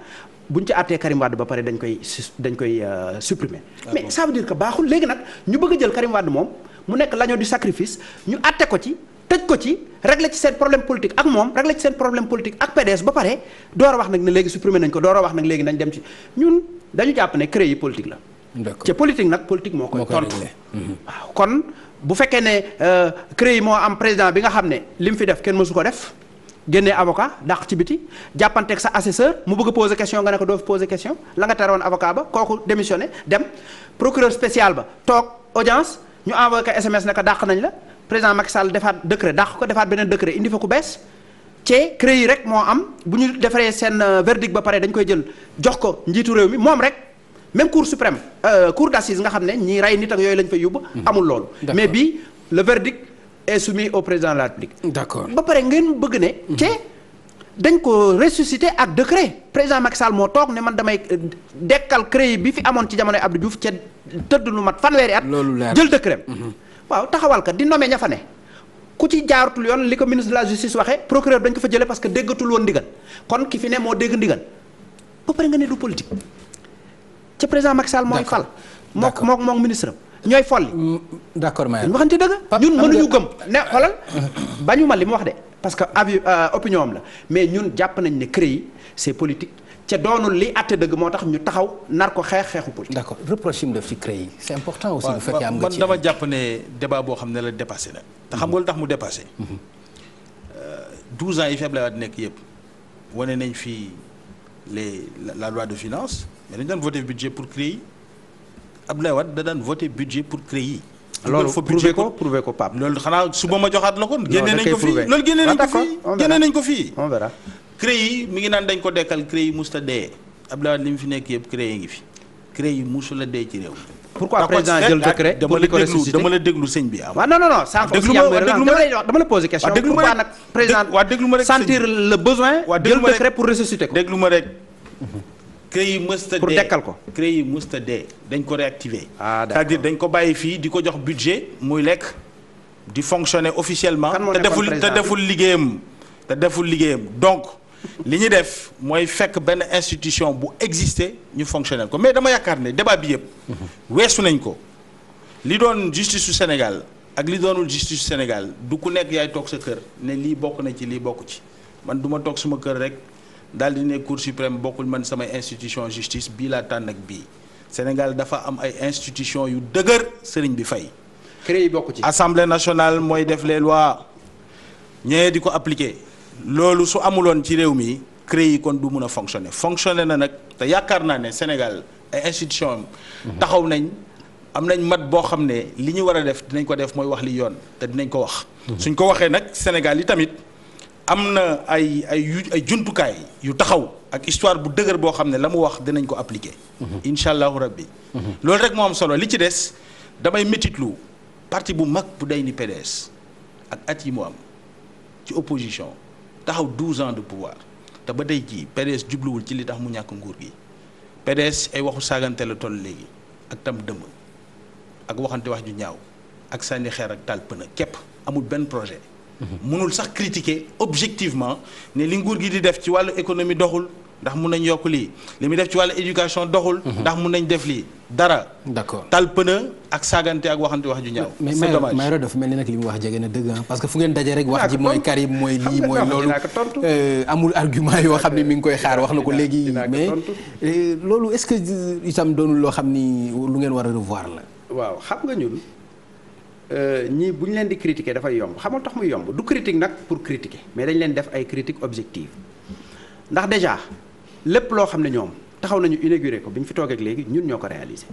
buñ ci àttee Karim Wade ba pare dañ koy dañ koy euh, supprimer. Ah mais ça veut dire baaxul léegi nag ñu bëgg jël Karim Wade moom mu nekk l'agneau di sacrifice ñu àtte ko ci. tëj ko ci régler ci seen problème politique ak moom régler ci seen problème politique ak PDS ba pare door a wax nag ne léegi supprimer nañ ko door a wax nag léegi nañ dem ci ñun dañu jàpp ne CREI yi la. d'accord ci politique nag politique moo koy tontu waaw bu fekkee ne euh, CREI moo am président bi nga xam ne li mu fi def kenn mësu ko def génnee avocat dàq ci biti jàppanteek sa assesseur mu bëgg a poser question nga ne ko doo fi poser question la nga teroon avocat ba kooku démissionné dem procureur spécial ba toog audience ñu envoyé ko SMS ne dàq nañ la président Macky Sall defaat décret dàq ko defaat beneen décret indi fa ku bees ci CREI rek moo am bu ñu defaree seen euh, verdict ba pare dañ koy jël jox ko njiitu réew mi moom rek. même cour suprême euh, cour d'assises nga xam ne ñi rey nit ak yooyu lañ fa yóbbu. Mhm. amul loolu. mais bii le verdict est soumis au président la République. d'accord ba pare ngeen bëgg ne. Mhm. te dañ ko ressuscité ak décret président Macky Sall moo toog ne man damay euh, dekkal CREI bi fi amoon ci jamonoy Abdou Diouf ca tëdd lu mat fanweeri at. jël décret mhm. waaw taxawal ka di nommé ña fa ne. ku ci jaaratul yoon li ko ministre de la justice waxee procureur dañ ko fa jëlee parce que déggatul woon ndigal kon ki fi ne moo dégg ndigal ba pare nga ca président Macky Sall mooy fal. d' accord mook mook ministre am ñooy folli. Mm, d' accord Mayel ñu waxante dëgg. ñun mënuñu gëm ne xoolal bañu ma li mu wax de parce que avis euh, opinion am la mais ñun jàpp nañ ne CREI c' est politique ca doonul li àtte dëgg moo tax ñu taxaw nar ko xeex xeexu politique. d' reproche yi mu def ci CREI c' est important aussi. bu fekkee am nga ci man jàpp ne débat boo xam ne la dépassé na. te xam nga lu tax mu dépassé. 12 mhm. euh, ans yi fi Abdoulaye Wade nekk yëpp wane nañ fii les la loi de finance. mais dañu daan voté budget pour CREI Abdoulaye Wade da daan voté budget pour CREI. loolu prouvé ko ko Pape. loolu xanaa suba ma joxaat la kon. génne nañ ko fii loolu génne nañ ko fii génne nañ ko fii. on ngi naan dañ ko dekkal CREI musta dee Abdoulaye Wade li mu fi nekk yëpp CREI ngi fi CREI musu la dee ci réew pourquoi président jël décret pour di dama la déglu sëñ bi ah, waaw non non non sànq aussi yaa ngi dama la posé question pourquoi nag président cré yi mësta pour ko cré yi mësta dee dañ ko réactiver ah cest dañ ko bàyyi fii di ko jox budget muy lekk di fonctionner officiellement te deful te deful liggéeyam te deful liggéeyam donc li ñu def mooy fekk benn institution bu exister ñu fonctionner ko mais dama yaakaar ne débat bi yëpp weesu nañ ko li doon justice su Sénégal ak li doonul justice Sénégal du ku nekk yaay toog sa kër ne lii bokk na ci lii bokk ci man duma toog suma kër rek daal di ne cour suprême bokkul man samay institution justice bii laa tànn ak bii Sénégal dafa am ay institution yu dëgër sëriñ bi fay. yi bokk ci assemblée nationale mooy def les lois ñee di ko appliquer loolu su amuloon ci réew mi yi kon du mun a fonctionner fonctionner na nag te yaakaar naa ne Sénégal ay institution mhm. taxaw nañ. am nañ mat boo xam ne li ñu war a def dinañ ko def mooy wax li yoon te dinañ ko wax. Mhm. suñ ko waxee nag Sénégal yi tamit am na ay ay yu ay jumtukaay yu taxaw ak histoire bu dëgër boo xam ne la mu wax dinañ ko appliquer. Mhm. incha allahu rabbi. Mhm. loolu rek moo am solo li ci des damay métitlu partie bu mag bu day ni PDS ak at yi mu am ci opposition taxaw 12 ans de pouvoir te ba tey jii PDS jubluwul ci li tax mu ñàkk nguur gi PDS ay waxu saagante la toll léegi ak tam dëmb ak waxante wax ju ñaaw ak sànni xeer ak taal pënë képp amul benn projet. mënul sax critiquer objectivement ne li nguur gi di def ci wàllu économie doxul ndax mun nañ yokk lii li muy def ci wàllu éducation doxul. Mhm. ndax mun nañ def lii dara. d'accord tal pënë ak saagante ak waxante wax ju ñaaw. c'est dommage mais Mayoro dafa mel ni nag li mu wax jege na dëgg ah, parce que fu ngeen daje rek. wax ji mooy Karim mooy lii mooy loolu. Euh, amul argument yoo xam ne mi ngi koy xaar wax na ko léegi. mais euh, loolu est-ce que euh, itam doonul loo xam ni lu ngeen war a revoir la. waaw xam nga ñun. Euh, ñii bu ñu leen di critiquer dafay yomb xamal tax muy yomb du critique nag pour critiquer mais dañ leen def ay critique objective ndax déjà lépp loo xam ne ñoom taxaw nañu inauguré ko bi ñu fi toogee ak léegi ñun ñoo ko réaliser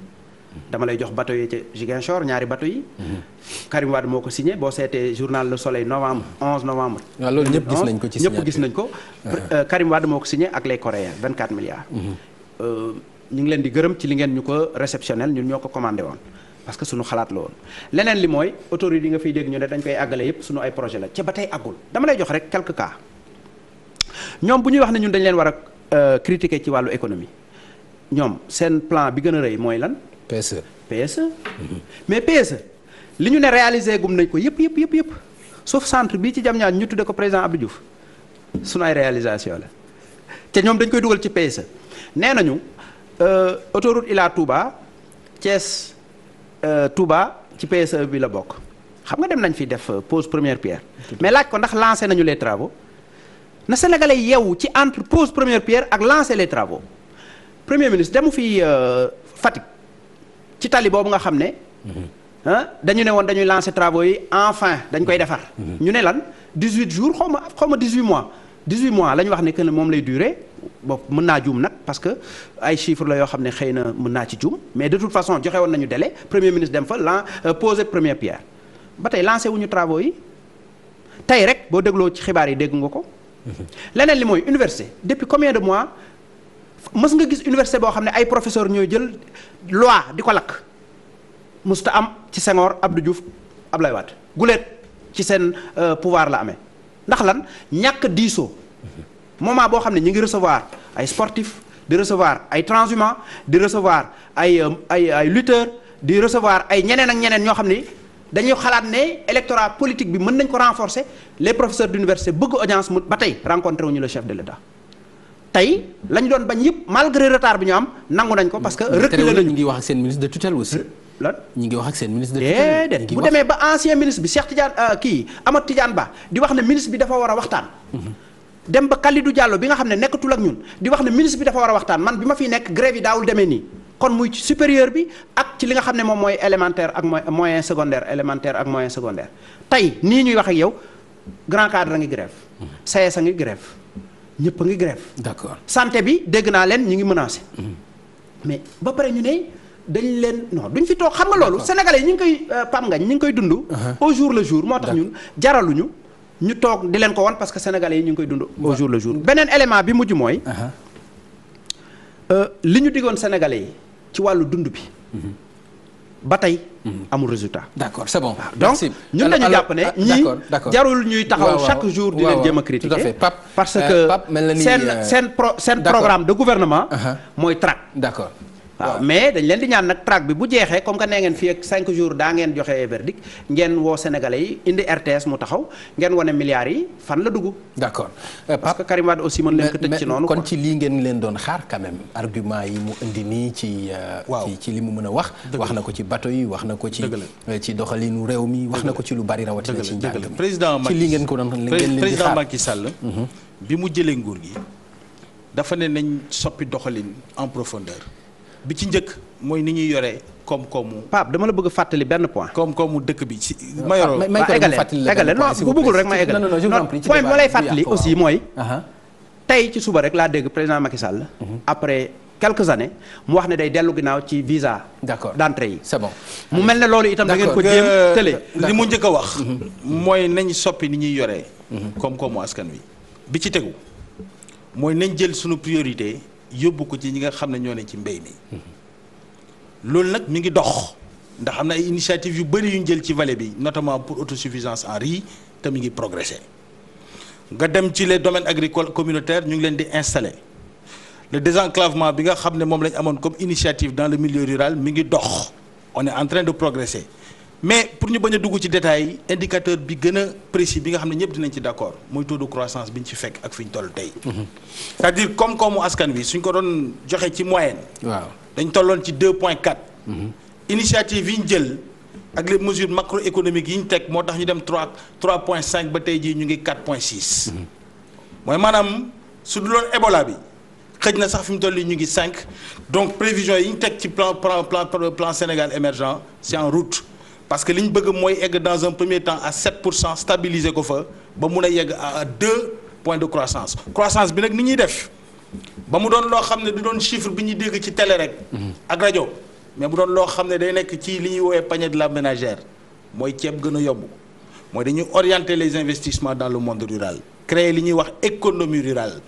dama lay jox bateau yi ca Ziguinchor ñaari bato yi. Mhm. Karim moo ko signé boo seetee journal Le Soleil novembre 11 novembre. waaw loolu ñëpp gis nañ ko ci ñëpp gis nañ ko. Euh, Karim Wade moo ko signé ak les Coréens 24 milliards. Mhm. Euh, ñu ngi leen di gërëm ci li ngeen ñu ko réceptionnel ñun ñoo commandé woon. parce que suñu xalaat la woon leneen li mooy autorité yi nga fiy dégg ñu ne dañ koy àggale yëpp suñu ay projet la ca ba tey àggul dama lay jox rek quelques cas ñoom bu ñuy wax ne ñun dañ leen war a euh, critiquer ci wàllu économie ñoom seen plan bi gën a rëy mooy lan. PSE PSE. Mm-hmm. mais PSE li ñu ne réalisé gum nañ ko yëpp yëpp yëpp yëpp sauf centre bi ci Diamniadio ñu tuddee ko président Abdou Diouf suñu ay réalisation la te ñoom dañ koy dugal ci PSE nee nañu euh, autoroute Ila Touba Euh, Touba ci PSE bi la bokk xam nga dem nañ fi def euh, pose première pierre mais laaj ko ndax lancé nañu lee travaux na sénégalais yeewu ci entre pose première pierre ak lancer les travaux premier ministre demu fi euh, Fatick ci tali bu nga xam ne mhm. dañu ne woon dañuy lancer travaux yi enfin dañ koy defar mhm. ñu ne lan 18 jours xaw ma xaw ma 18 mois 18 mois la ñu wax ne que ne moom lay durer bopp mën naa juum nag parce que ay chiffres la yoo xam ne xëy na mën naa ci juum mais de toute façon joxe woon nañu dele premier ministre dem fa lan euh, poser première pierre ba tey lancé wuñu travaux yi tey rek boo dégloo ci xibaar yi dégg nga ko. Mhm. leneen li mooy université depuis combien de mois mës nga gis université boo xam ne ay professeur ñooy jël loi di ko lakk mësut am ci Senghor Abdou Diouf Abdoulaye Wade ci seen euh, pouvoir la amee. ndax lan ñàkk diisoo moment boo xam ne ñu ngi recevoir ay sportif di recevoir ay transhumants di recevoir ay euh, ay ay lutteurs di recevoir ay ñeneen ak ñeneen ñoo xam ni dañuy xalaat ne électorat politique bi mën nañ ko renforcer les professeurs d'université bëgg audience mu ba tey rencontré wuñu le chef de l'État tey lañu doon bañ yëpp malgré retard bi ñu am nangu nañ ko parce que reculer ngi wax seen ministre de tutelle aussi lan. ñu ngi wax ak seen ministre de déedéet bu demee ba ancien ministre bi Cheikh Tidiane euh, kii Amath Tidiane Ba di wax ne ministre bi dafa war a waxtaan. Mhm. dem ba Kalidou Diallo bi nga xam ne nekkatul ak ñun di wax ne ministre bi dafa war a waxtaan man bi ma fiy nekk grève yi daawul demee nii. kon muy ci supérieur bi ak ci li nga xam ne moom mooy élémentaire ak mooy moyen secondaire élémentaire ak moyen secondaire tey nii ñuy wax ak yow grand cadre a ngi grève SAES mhm. a ngi grève ñëpp a ngi grève d'accord santé bi dégg naa leen ñi ngi menacé mhm. mais dañ leen non duñ fi toog xam nga loolu sénégalais yi ñu ngi koy euh, pam ngañ ñu ngi koy dund au jour le jour moo tax ñun jaraluñu ñu toog di leen ko wan parce que sénégalais yi ñu ngi koy dund au jour le jour beneen élément bi mujj mooy euh, li ñu diggoon sénégalais ci wàllu dund bi mhm. ba tey mhm. amul résultat d'accord c'est bon ah, donc ñun dañu jàpp ne ah, ñii jarul ñuy taxaw chaque jour di leen jéem a critiquer parce euh, que seen seen pro seen programme de gouvernement mooy trac d'accord waaw mais dañ leen di ñaan nag track bi bu jeexee comme que nee ngeen fii ak 5 jours daa ngeen joxe verdict ngeen woo sénégalais yi indi RTS mu taxaw ngeen wane milliards yi fan la dugg. d' accord euh, parce que Karim Wade aussi mën leen ko tëj ci noonu. kon ci lii ngeen leen doon xaar quand même argument yi mu indi nii ci. Euh, li mu mën a wax. wax na ko ci bateau yi wax na ko ci. Euh, ci doxalinu réew mi wax na ko ci lu bari rawatina ci njàng mi. président Macky ci lii ngeen ko doon ngeen leen di xaar président Macky Sall. Mhm. bi mu jëlee nguur bi ci njëkk mooy ni ñuy yore koom-koomu. Pape dama la bëgg fàttali benn point. koom mu dëkk bi ci. Ah, ma yoroo ma eggale non bu bëggul rek ma eggale. non non je vous en lay fàttali aussi mooy. Ah, ah. tey ci suba rek laa dégg président Macky Sall. Mhm. après quelques années mu wax ne day dellu ginnaaw ci visa. d'accord d'entrée yi c'est bon. mu mel ne loolu itam da ngeen ko jéem euh, tële. li mu njëkk a wax. Mhm. mooy nañ soppi ni ñuy yoree. Mhm. koom-koomu askan wi. bi ci tegu mooy nañ jël sunu priorité yóbbu ko ci ñi nga xam ne ñoo ne ci mbéy mi loolu nag mi ngi dox ndax am na ay initiative yu bari yu jël ci vallée bi notamment pour autosuffisance en riz te mi ngi progressé nga dem ci les domaines agricole communautaire ñu ngi leen di installer le désenclavement bi nga xam ne moom lañ amoon comme initiative dans le milieu rural mi ngi dox on est en train de progresser mais pour ñu bañ a dugg ci détails yi indicateur bi gën a précis bi nga xam ne ñëpp dinañ ci d' accord mooy taux de croissance bi ñu ci fekk ak fi ñu toll tey. Mhm. c' dire koom-koomu askan wi suñ ko doon joxee ci moyenne. waaw dañ tolloon ci deux point 4. Mhm. initiative yi ñu jël ak les mesures macroéconomiques yi ñu teg moo tax ñu dem 3 3 point 5 ba tey jii ñu ngi 4 point 6. Mhm. mooy maanaam su lool Ebola bi. xëj na sax fi mu toll nii ñu ngi cinq donc prévision yi ñu teg ci plan plan plan plan Sénégal émergent c' est en route. parce que li ñu bëgg mooy egg dans un premier temps à 7 ko fa ba mu a yegg à 2 points de croissance croissance bi nag ni ñuy def ba mu doon loo xam ne du doon chiffre bi ñuy dégg ci télé rek. ak rajo mais bu doon loo xam ne day nekk ci li ñuy woowee panier de la ménagère mooy ceeb gën a yomb mooy dañuy orienter les investissements dans le monde rural créer li ñuy wax économie rural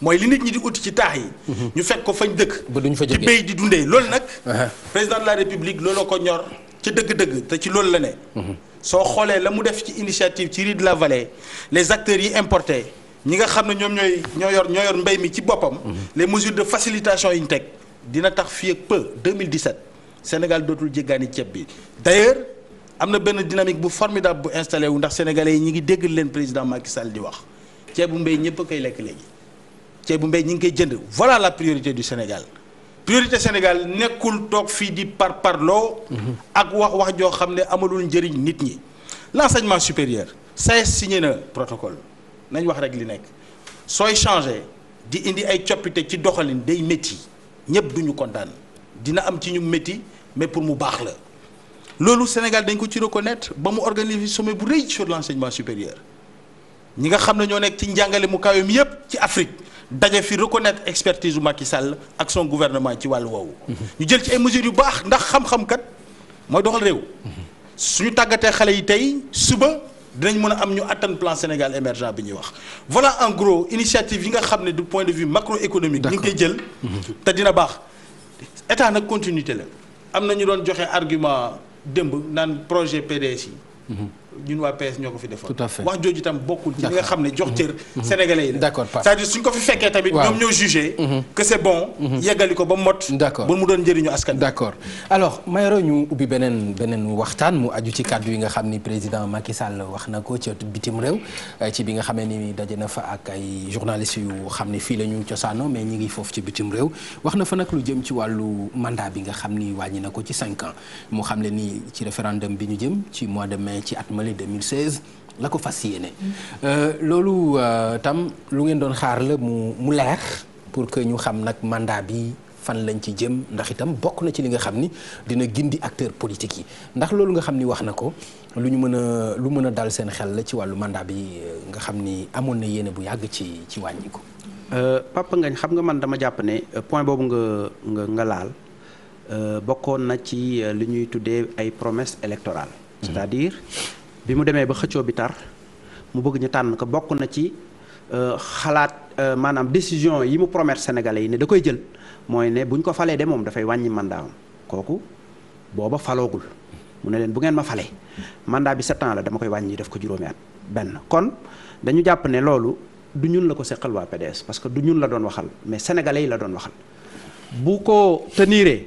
mooy li nit ñi di uti ci taax yi. Mhm. ñu fekk ko fañ dëkk. ba duñ fa jógee ci béy di dundee loolu nag. Uh-huh. président la république looloo ko ñor. ci dëgg-dëgg te ci loolu la ne. Mhm. soo xoolee la mu def ci initiative ci riz la vallée les acteurs yi importés ñi nga xam ne ñoom ñooy ñoo yor ñoo yor mbéy mi ci boppam. Mhm. les mesures de facilitation yi ñu teg dina tax fii ak peu 2017 Sénégal dootul jéggaani ceeb bi d'ailleurs am na benn dynamique bu formidable bu installé wu ndax sénégalais yi ñi ngi dégg leen président Macky Sall di wax ceebu mbéy ñëpp a koy lekk léegi bu mbay ñi ngi koy jënd voilà la priorité du Sénégal. priorité Sénégal nekkul toog fii di par parloo. ak wax wax joo xam ne amalul njëriñ nit ñi. l'enseignement supérieur SAES signé na protocole nañ wax rek li nekk sooy changé di indi ay coppite ci doxalin day métti ñëpp duñu kontaan dina am ci ñu métti mais pour mu baax la. loolu Sénégal dañ ko ci reconnaître ba mu organiser sommet bu rëy sur l'enseignement supérieur ñi nga xam ne ñoo nekk ci njàngale mu kawe mi yëpp ci Afrique. daje fi reconnaître expertise u Macky Sall ak son gouvernement ci wàllu woowu. ñu jël ci ay mesures yu baax ndax xam-xam kat mooy doxal réew. ñu tàggatee xale yi tey suba dinañ mën a am ñu attan plan Sénégal émergent bi ñuy wax voilà en gros initiative yi nga xam ne du point de vue macroéconomique. ñu ngi koy jël. te dina baax état nag continuité la am na ñu doon joxe argument démb naan projet PDS yi. Mhm. ñun waa PS ñoo ko fi defoon. wax jooju tam bokkul ci nga xam ne jox cër. Mhm. Mhm. sénégalais yi la d'accord cest à suñ ko fi fekkee tamit. ñoom ñoo jugé. Mhm. que c'est bon. yeggali ko ba mot. d'accord mu doon njëriñu askan d'accord alors Mayoro ñu ubbi beneen beneen aju ci kàddu yi nga xam ni président Macky Sall wax na ko ci bitim réew eh, ci bi nga xamee ni daje na fa ak ay journalistes yu xam ne fii la ñu cosaanoo mais ñi ngi foofu ci bitim réew wax na fa nag lu jëm ci wàllu mandat bi nga xam ni wàññi na ko ci cinq ans mu xam ne ni ci bi ñu jëm ci mois de année 2016 la ko fas yéene. Euh, loolu euh, tam lu ngeen doon xaar la mu mu leer pour que ñu xam nag mandat bi fan lañ ci jëm ndax itam bokk na ci li nga xam ni dina gindi acteur politiques yi ndax loolu nga xam ni wax na ko lu ñu mën a lu mën a dal seen xel la ci wàllu mandat bi euh, nga xam ni amoon na yéene bu yàgg ci ci wàññi ko. Papa Ngagne xam nga man dama jàpp ne point boobu nga nga nga laal bokkoon na ci li ñuy tuddee ay promesses électorales. Mhm. c'est-à-dire. bi mu demee ba xëccoo bi tar mu bëgg ñu tànn ko bokk na ci euh, xalaat euh, maanaam décision yi mu promettre sénégalais yi ne da koy jël mooy ne bu ñu ko falee de moom dafay wàññi mandat kooku booba faloogul mu ne leen bu ngeen ma falee mandat bi sept ans la dama koy wàññi def ko juróomi at benn kon dañu jàpp ne loolu du ñun la ko seqal waa PDS parce que du ñun la doon waxal mais sénégalais yi la doon waxal bu ko tëniiree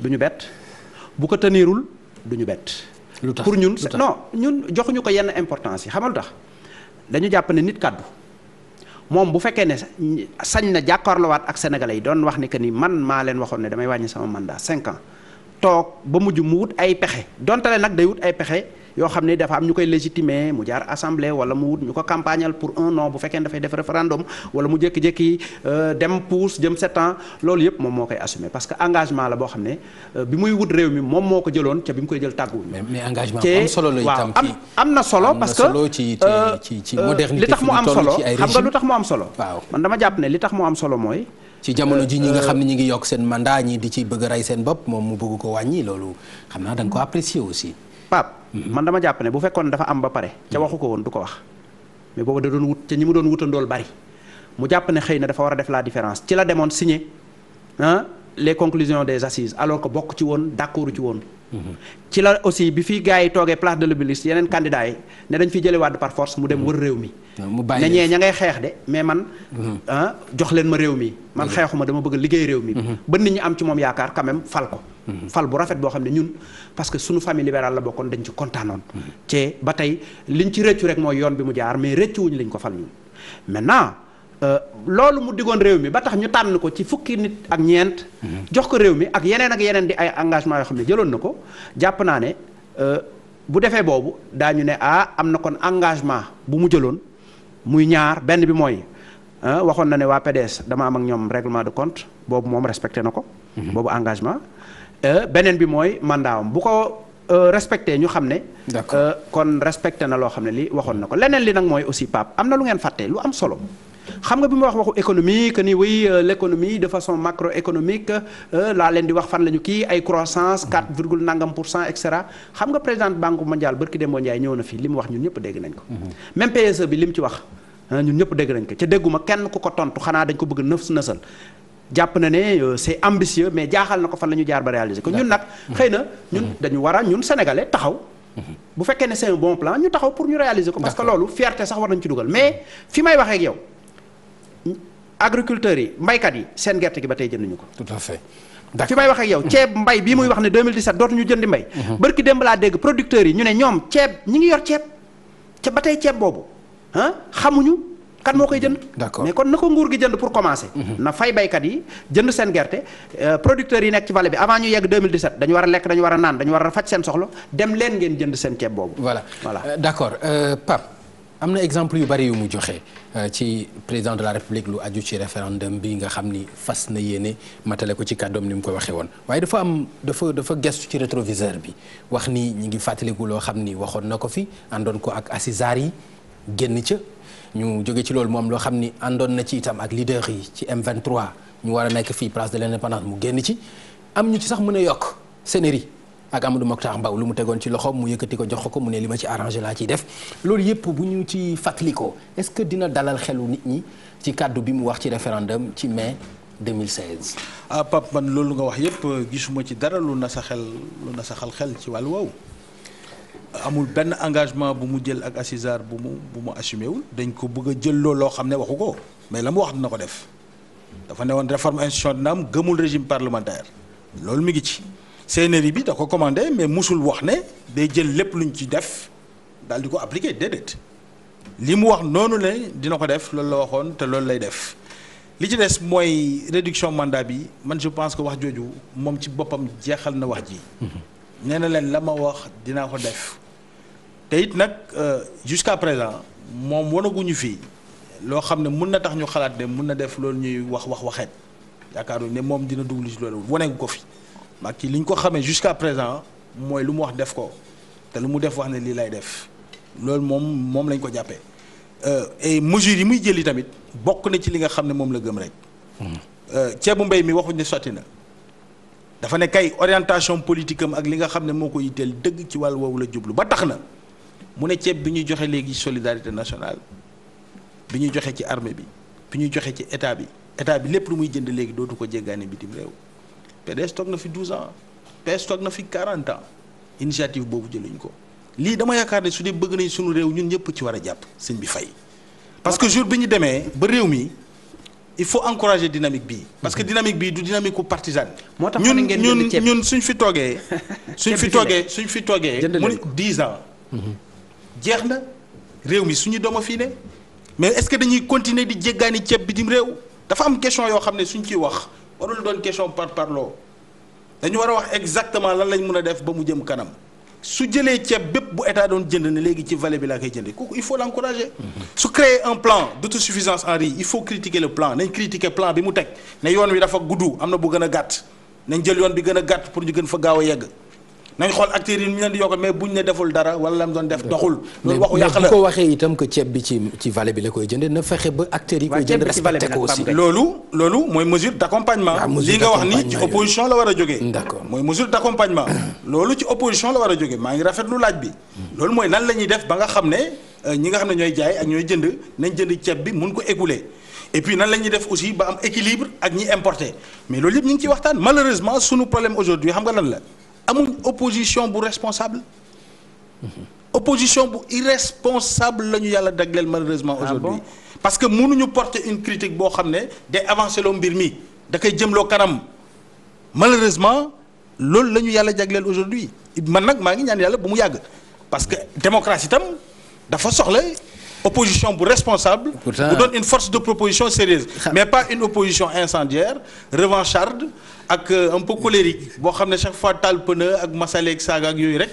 du ñu bett bu ko tëniirul du ñu bett pour ñun non ñun joxuñu ko yenn importance yi xamal tax dañu jàpp ne nit kàddu moom bu fekkee ne sañ na jàkkaarloowaat ak sénégalais yi doon wax ni que ni man maa leen waxoon ne damay wàññi sama mandat cinq ans toog ba mujj mu wut ay pexe donte nag day wut ay pexe yoo xam ne dafa am ñu koy légitimer mu jaar assemblée wala mu wut ñu ko campagnal pour un an bu fekkee dafay def référendum wala mu jékki-jékki euh, dem pousse jëm sept ans loolu yëpp moom moo koy assumer parce que engagement la boo xam ne euh, bi muy wut réew moom moo ko jëloon ca bi mu koy jël tàgguwuñu. mais engagement am solo la itam am solo parce que ci ci euh, ci modernité li tax mu am solo xam nga lu tax mu am solo. waaw man dama jàpp ne li tax mu am solo mooy. ci jamono ji xam ne ñi ngi yokk seen mandat ñi di ci bëgg rey seen bopp moom mu bëgg ko wàññi loolu xam naa da ko mm. apprécier aussi. Pape mhm. man dama jàpp ne bu fekkoon dafa am ba pare ca waxu ko woon du ko wax mais booba da doon wut ca ñi mu doon wutandool bari mu jàpp ne xëy na dafa war a def la différence ci la demoon signé ah les conclusions des assises alors que bokk ci woon d'accord ci woon. Mhm. ci la aussi bi fi gars yi toogee place de l'Obélisque yeneen candidats yi ne dañ fi jëlee Wade par force mu dem mhm. wër réew mi. mu ne ñee ña ngay xeex de mais man. Mhm. Ah, jox leen ma réew mi. dama bëgg liggéey réew mi. ba nit ñi am ci moom yaakaar quand même fal ko. fal bu rafet boo xam ne ñun parce que suñu famille libérale la bokkoon dañ ci kontaanoon. te ba tey liñ ci rëccu rek mooy yoon bi mu jaar mais rëccuwuñ liñ ko fal ñun maintenant. Euh, loolu mu digoon réew mi ba tax ñu tànn ko ci fukki nit ak ñeent. Mhm. jox ko réew mi ak yeneen ak yeneen di ay engagement yoo xam ne jëloon na ko jàpp naa ne euh, bu defee boobu daañu ne ah am na kon engagement bu mu jëloon muy ñaar benn bi mooy waxoon na ne waa PDS am ak ñoom règlement de compte boobu moom respecté na ko. Mhm. boobu engagement. Euh, beneen bi mooy mandaawam bu ko. respecté ñu xam ne. d'accord kon respecté na loo xam ne li waxoon na ko leneen li nag mooy aussi Pape am na lu ngeen fàtte lu am solo. xam nga bi mu wax waxu économie que nii oui euh, l' économie de façon macroéconomique euh, laa leen di wax fan la ñu kii ay croissance 4 mm-hmm. virgule nangam pour cent et xam nga présidente banque mondiale Barki dem Ndiaye ñëw na fii li mu wax ñun ñëpp dégg nañ ko. Mm-hmm. même PSE bi li mu ci wax ñun ñëpp dégg nañ ko ca dégguma kenn ku ko tontu xanaa dañ ko bëgg nëf nësal. jàpp na ne euh, c'est ambitieux mais jaaxal na ko fan la ñu jaar ba réaliser ko ñun nag xëy na mm-hmm. ñun dañu war a ñun sénégalais taxaw bu fekkee ne c'est un bon ñu taxaw pour ñu réaliser ko parce que loolu fierté sax war nañ ci dugal mais fi may waxee ak yow agriculteurs yi mbaykat yi seen gerte gi ba tey jënduñu ko. tout à fait fi may wax ak yow ceeb mbay bi muy wax ne 2017 dootuñu jëndi mbay. Mhm. barki démb laa dégg producteurs yi ñu ne ñoom ceeb ñi ngi yor ceeb ba tey ceeb boobu ah xamuñu kan moo koy jënd. d'accord mais kon na ko nguur gi jënd pour commencer. Mhm. na fay baykat yi jënd seen gerte euh, producteurs yi nekk ci vallée bi avant ñu yegg dañu war a lekk dañu war a naan dañu war a faj seen soxla dem leen ngeen jënd seen ceeb boobu. voilà voilà euh, am na exemple yu bari yu mu joxe euh, ci président de la république lu aju ci référendum bi nga xam ni fas na yéene matale ko ci kàddoom ni mu ko waxee woon waaye dafa am dafa dafa gestu ci rétroviseur bi wax ni ñi ngi fàttaliku loo xam ni waxoon na ko fi àndoon ko ak assises yi génn ca ñu jóge ci loolu moom loo xam ni àndoon na ci itam ak leader yi ci M23 ñu war a nekk fii place de l'indépendance mu génn ci am ñu ci sax mën a yokk scénario ak Amadou Mokhtar Mbaw lu mu tegoon ci loxoom mu yëkkati ko jox ko mu ne li ma ci arrangé laa ciy def loolu yëpp bu ñu ci fàttalikoo est-ce que dina dalal xelu nit ñi ci kàddu bi mu wax ci référendum ci mai 2016. ah Pape man loolu nga wax yëpp euh, gisuma ci dara lu na sa xel lu na saxal xel ci wàllu woowu amul benn engagement bu mu jël ak Acisar bu mu bu mu assumé wul dañ ko bëgg a jël loo loo xam ne waxu ko mais la mu wax dina ko def dafa ne woon réforme institution dina am gëmul régime parlementaire loolu mi ngi ci. CNRI bi da ko commandé mais mosul wax ne day jël lépp luñ ci def daal di ko appliqué déedéet li mu wax noonu la dina ko def loolu la waxoon te loolu lay def li ci des mooy réduction mandat bi man je pense que wax jooju moom ci boppam jeexal na wax ji. Mhm. nee na leen la ma wax dinaa ko def te it nag euh, jusqu'à présent moom wanaguñu fii loo xam ne mun na tax ñu xalaat ne mun na def loolu ñuy wax wax waxeet yaakaaruñ ne moom dina dugg ci loolu waneegu ko fi. Macky li ñu ko xamee jusqu'à présent mooy lu mu wax def ko te lu mu def wax ne lii lay def loolu moom moom lañ ko jàppee euh, et mesures yi muy jëli tamit bokk na ci li nga xam ne moom la gëm rek. Hmm. Euh, ceebu mbay mi waxuñ ne sotti na. dafa ne kay orientation politique am ak li nga xam ne moo ko yitteel dëgg ci wàll woowu la jublu ba tax na mu ne ceeb bi ñuy joxe léegi solidarité national bi ñuy joxee ci armée bi bi ñuy joxee ci état bi état bi lépp lu muy jënd léegi dootu ko jéggaane bitim PDS toog na fi 12 ans PS toog na fi 40 ans initiative boobu jëluñ ko lii dama yaakaar ne su dee bëgg nañ suñu réew ñun ñëpp ci war a jàpp sëñ bi fay. parce que jour bi ñu demee ba réew mi il faut encourager dynamique bii. parce que mhm. dynamique bi du dynamique ku partisane. moo tax ñun ñun ñun suñ fi toogee. suñ fi toogee suñ fi toogee. mu ne 10 ans. Mhm. jeex na réew mi suñu dooma fii ne mais est-ce que dañuy continuer di jéggaani ceeb bitim réew dafa am question yoo xam ne suñ ciy wax. warul doon question par loo dañu war a wax exactement lan lañ mën a def ba mu jëm kanam su jëlee ceeb bépp bu état doon jënd ne léegi ci vallée bi laa koy jëndee kooku il faut l'encourager mm-hmm. su créer un plan d'autosuffisance en riz il faut critiquer le plan nañ critiquer plan bi mu teg ne yoon wi dafa gudd am na bu gën a gàtt nañ jël yoon bi gën a gàtt pour ñu gën fa gaaw a yegg nañ xool acteurs yi ñu leen di yokkal mais buñ ne deful dara wala lam doon def doxul. loolu waxu yàq la ceeb bi ci ci vallée bi la koy jëndee na fexe ba acteurs yi koy loolu loolu mooy mesure d' li nga wax ni ci opposition la war a jógee. d' accord mooy mesure d' accompagnement. loolu ci opposition la war a jógee maa ngi rafetlu laaj bi. Mm. loolu mooy nan la ñuy def ba nga xam ne euh, ñi nga xam ne ñooy jaay ak ñooy jënd nañ jënd ceeb bi mun ko écouler. et puis nan la ñuy def aussi ba am équilibre ak ñi importe mais loolu yëpp ñu ngi waxtaan malheureusement sunu problème aujourd'hui xam nga lan la amul opposition bu responsable. opposition bu irresponsable la ñu yàlla dagleel malheureusement ah aujourd'hui parce que mënuñu porter une critique boo xam ne day avancer loo mbir mi da kay jëmloo kanam malheureusement loolu lañu ñu yàlla jagleel aujourd'hui man nag maa ngi ñaan yàlla bu mu yàgg parce que démocratie itam dafa soxla. opposition bu responsable. bu doon une force de proposition sérieuse. mais pas une opposition incendiaire revancharde ak euh, un peu colérique boo xam ne chaque fois taal pneu ak masaleeg saaga ak yooyu rek.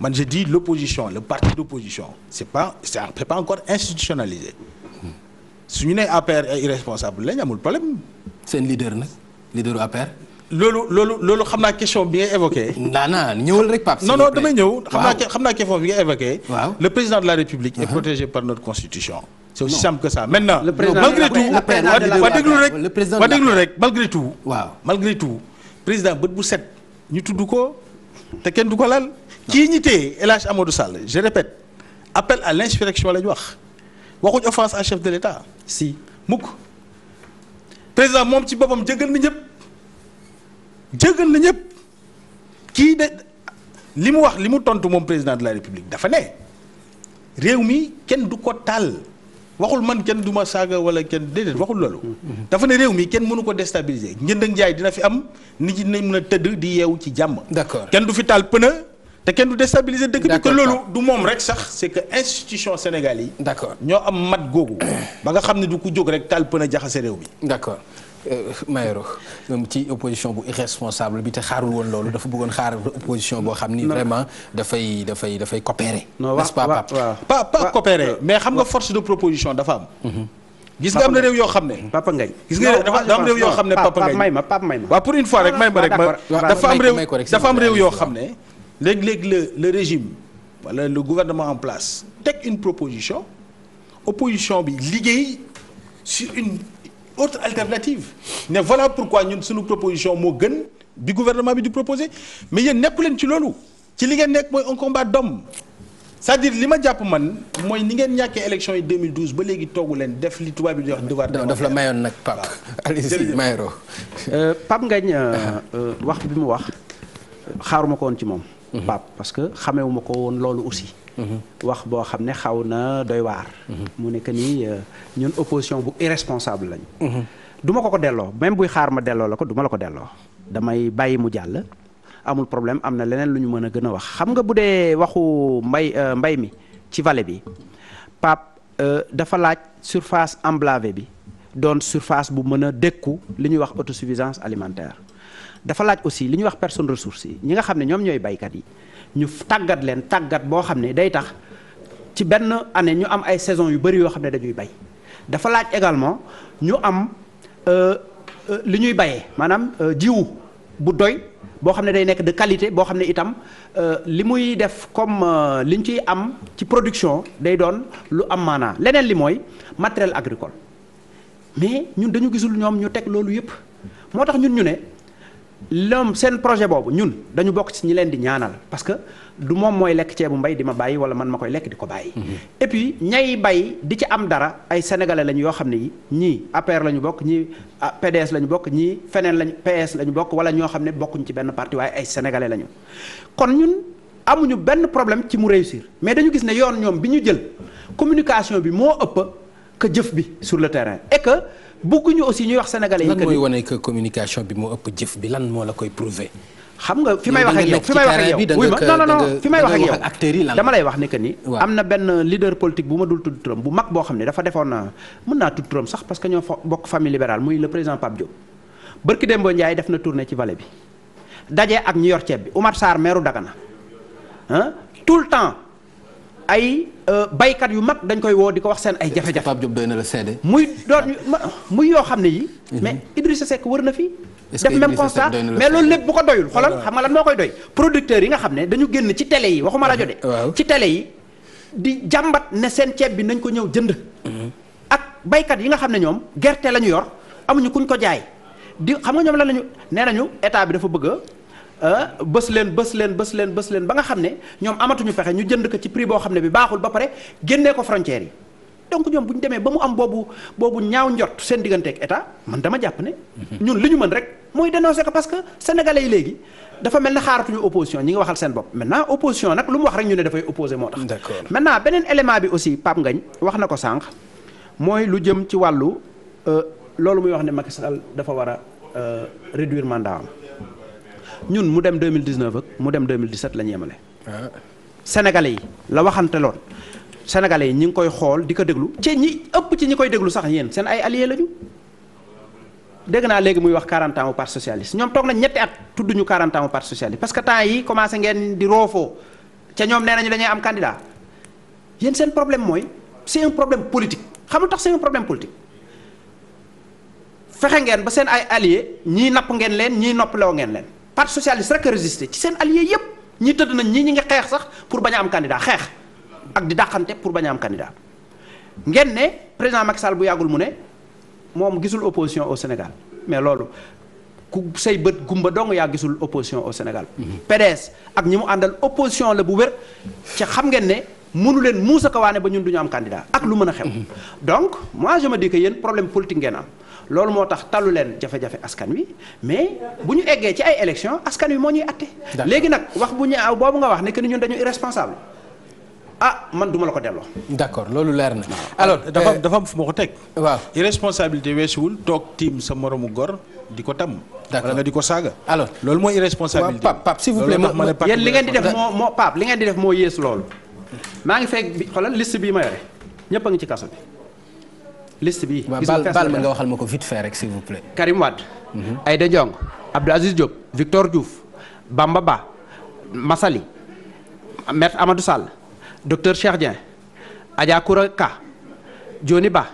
man je dis l'opposition le parti d'opposition c'est pas c'est pas encore institutionnalisé su ñu nee APR ay irresponsable lañ amul problème. seen leader nag leaderu APR. loolu loolu loolu xam naa question bi nga évoqué. naanaa ñëwal rek Pape. non non damay ñëw. xam naa xam naa question bi nga évoqué. waaw le président de la République. est uh-huh. protégé par notre constitution. c'est aussi simple que ça maintenant. le président malgré tout waa déglu rek waa déglu rek malgré tout. waaw malgré tout président bët bu set ñu tudd ko te kenn du ko lal. kii ñi téye El Hadj Amadou Sall je répète appel à l'insurrection la ñu wax waxuñ offense à chef de l'État si mukk président moom ci boppam jëggal na ñëpp jëggal na ñëpp kii de li mu wax li mu tontu moom président de la république dafa ne réew mi kenn du ko taal waxul man kenn du ma saaga wala kenn déedéet waxul loolu. dafa ne réew mi kenn mënu ko déstabiliser njënd ak njaay dina fi am nit ñi dinañ mën a tëdd di yeewu ci jàmm. d'accord kenn du fi taal pneu. te kenn du déstabiliser dëkk bi. que loolu du moom rek sax c' est que institution Sénégal yi. d' accord ñoo am mat googu. ba nga xam ne du ko jóg rek taal pën a jaxase réew mi. d' accord euh, Mayoro moom ci opposition bu irresponsable bi te xaarul woon loolu dafa bëggoon xaar opposition boo xam ni. vraiment dafay dafay dafay coopérer. non waaw pas pas pas coopérer xam nga force de proposition dafa am. Mhm. gis nga am na réew yoo xam ne. Papa Ngagne am réew yoo xam ne dafa am réew yoo xam ne. léegi léeg la le régime walla le gouvernement en place teg une proposition opposition bi liggéey sur une autre alternative ne voilà pourquoi ñun suñu proposition moo gën bi gouvernement bi di proposer mais yéen nekku leen ci loolu ci li ngeen nekk mooy un combat doom c'est-à-dire li ma jàpp man mooy ni ngeen ñàkkee élection yi 2012 ba léegi toogu leen def li tubaab bi di wax devoir daf la mayoon nag Pape Alioune Mayoro euh, Pape Ngagne euh, euh, wax bi mu wax xaaruma ko ci moom pap parce que xamewuma ko woon loolu aussi mhm. wax boo xam ne xaw na doy waar mhm. mu nekk nii euh, ñun opposition bu irresponsable lañ mhm. du ma ko ko delloo même buy xaar ma delloo la ko du la ko delloo damay bàyyi mu jàll amul problème am na leneen lu ñu mën a gën a wax xam nga bu dee waxu mbay euh, mbay mi ci vallée bi pap euh, dafa laaj surface emblavée bi doon surface bu mën a dékku li ñuy wax autosuffisance alimentaire dafa laaj aussi li ñuy wax personne ressource yi ñi nga xam ne ñoom ñooy baykat yi ñu tàggat leen tàggat boo xam ne day tax ci benn année ñu am ay saison yu bëri yoo xam ne dañuy bay dafa laaj également ñu am euh, euh, li ñuy bayee maanaam euh, jiw bu doy boo xam ne day nekk de qualité boo xam ne itam li muy def comme li ñu ciy am ci production day doon lu am maanaa leneen li mooy matériel agricole mais ñun dañu gisul ñoom ñu teg loolu yëpp moo tax ñun ñu ne loom seen projet boobu ñun dañu bokk ci ñi leen di ñaanal parce que du moom mooy lekk ceebu mbay di ma bàyyi wala man ma koy lekk di ko bàyyi. Mm-hmm. et puis ñay bay di ci am dara ay sénégalais lañu yoo xam ne yi ñii APR la ñu bokk ñii PDS la ñu bokk ñii feneen lañu PS la ñu bokk wala ñoo xam ne bokkuñ ci benn parti waaye ay sénégalais lañu. kon ñun amuñu benn problème ci mu réussir mais dañu gis ne yoon ñoom bi ñu jël communication bi moo ëpp que jëf bi sur le terrain et bëgguñu aussi ñuy wax sénégalais yi. mooy wane que communication bi moo ëpp jëf bi lan moo la koy prouver. xam nga fi may wax ak yow fi may wax ak may wax ak yi lan dama lay wax ne que ni. am na benn leader politique bu ma dul tudd turam bu mag boo xam ne dafa defoon mën naa tudd turam sax parce que ñoo bokk famille libérale muy le président Pape Diop. Barki Demba njaay def na tournée ci vallée bi daje ak ñu yor ceeb bi Oumar Sarr meeru Dagana ah tout le temps. ay euh, baykat yu mag dañ koy woo di ko wax seen ay jafe-jafe. Pape Diop na la seede. muy doon muy yoo xam ne yi. Mhm. mais Idrissa Seck wër na fi. def même constat mais loolu lépp bu ko doyul xoolal xam nga lan moo koy doy producteurs yi nga xam ne dañu génn ci télé yi waxuma rajo de ci télé yi di jàmbat ne seen ceeb bi nañ ko ñëw jënd mhm. ak baykat yi nga xam ne ñoom gerte la ñu yor amuñu kuñ ko jaay di xam nga ñoom lan lañu nee nañu état bi dafa bëgg bës leen bës leen bës leen bës leen ba nga xam ne ñoom amatuñu fexe ñu jënd ko ci prix boo xam ne bi baaxul ba pare génnee ko frontières yi donc ñoom bu ñu demee ba mu am boobu boobu ñaaw njot seen digganteeg état man dama jàpp ne. Mhm. ñun li ñu mën rek mooy dénoncer ko parce que sénégalais yi léegi dafa mel ne xaaratuñu opposition ñi ngi waxal seen bopp maintenant opposition nag lu mu wax rek ñu ne dafay opposé moo tax. d'accord maintenant beneen élément bi aussi Pape ngañ wax na ko sànq mooy lu jëm ci wàllu euh, loolu muy wax ne Macky Sall dafa war a euh, réduire mandat am ñun mu dem 2019 ak mu dem 2017 la ñu yemale. Ah. Sénégalais yi la waxante loon senegal yi ñi ngi koy xool di ko déglu ci ñi ëpp ci ñi koy déglu sax yéen seen ay alliés lañu. dégg naa léegi muy wax 40 ans au parti ñoom toog nañ ñetti at tudd ñu 40 ans au parti socialiste parce que temps yi commencé ngeen di roofoo ca ñoom nee nañu dañuy am candidat yéen seen problème mooy c'est problème politique xamul tax c'est un problème politique fexe ngeen ba seen ay alliés ñii napp ngeen leen ñii noppaloo ngeen leen. part socialiste rek a résisté ci seen allié yépp ñi tëdd nañ ñi ñi ngi xeex sax pour bañ a am candidat xeex ak di dàqante pour bañ am candidat ngeen ne président Macky Sall bu yàggul mu ne moom gisul opposition au Sénégal mais loolu ku say bët gumba dong yaa gisul opposition au Sénégal. Mhm. PDS ak ñi mu àndal opposition la bu wér ca xam ngeen ne mënu leen muusa kawaane ba ñun duñu am candidat ak lu mën a xew. Mhm. donc moi je me dis que yéen problème politique ngeen am. loolu moo tax talu leen jafe-jafe askan wi mais bu ñu eggee ci ay élection askan wi moo ñuy atte léegi nag wax bu ñaaw boobu nga wax ne que ni ñun dañu irresponsable ah man duma la ko delloo. d'accord loolu leer alors dafa ah, dafa am euh, ma ko teg. waaw irresponsabilité weesuwul toog tiim sa moromu gor di ko tam. wala nga di ko saaga. alors loolu mooy irresponsabilité. waaw Pape Pape s'il ma ma yéen li ngeen di def moo moo li ngeen di def moo yées loolu. maa ngi fekk bi xoolal liste bii ma yore ñëpp a ngi ci kaso bi. liste bi. nga waxal ma ko vite fait rek s'il vous plaît. Karim Wade. Mhm. Aïda Ndiong Abdou Aziz Diop Victor Diouf Bamba Ba Massaly Maître Amadou Sall docteur Cheikh Dieng Adja Koura Ka Ba.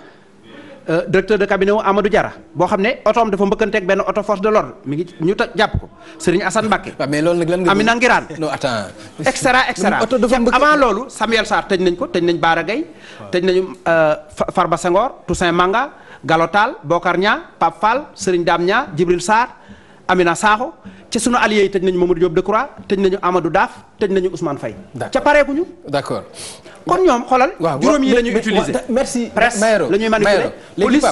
Euh, directeur de cabinet wu Amadou Diarra boo xam ne otoom dafa mbëkkanteeg benn oto force de l'ordre ñu ta jàpp ko Serigne Assane Mbacké. waaw mais loolu nag lan nga. Amina Ngiraan non attends. et cetera et cetera avant loolu Samuel Sarr tëj nañ ko tëj nañ Baara Gueye. tëj nañu euh, Farba Senghor Toussaint Manga Galotal Bokar Nia Pape Fall Serigne Dame Nia Djibril Sarr Amina Sakho. ce sunu allié yi tëj nañu Mamadou Diop Decroix tëj nañu Amadou Daaf tëj nañu Ousmane Faye ca pareeguñu d'accord kon ñoom xoolal juróom yi la ñuy utiliser merci presse la ñuy manipuler police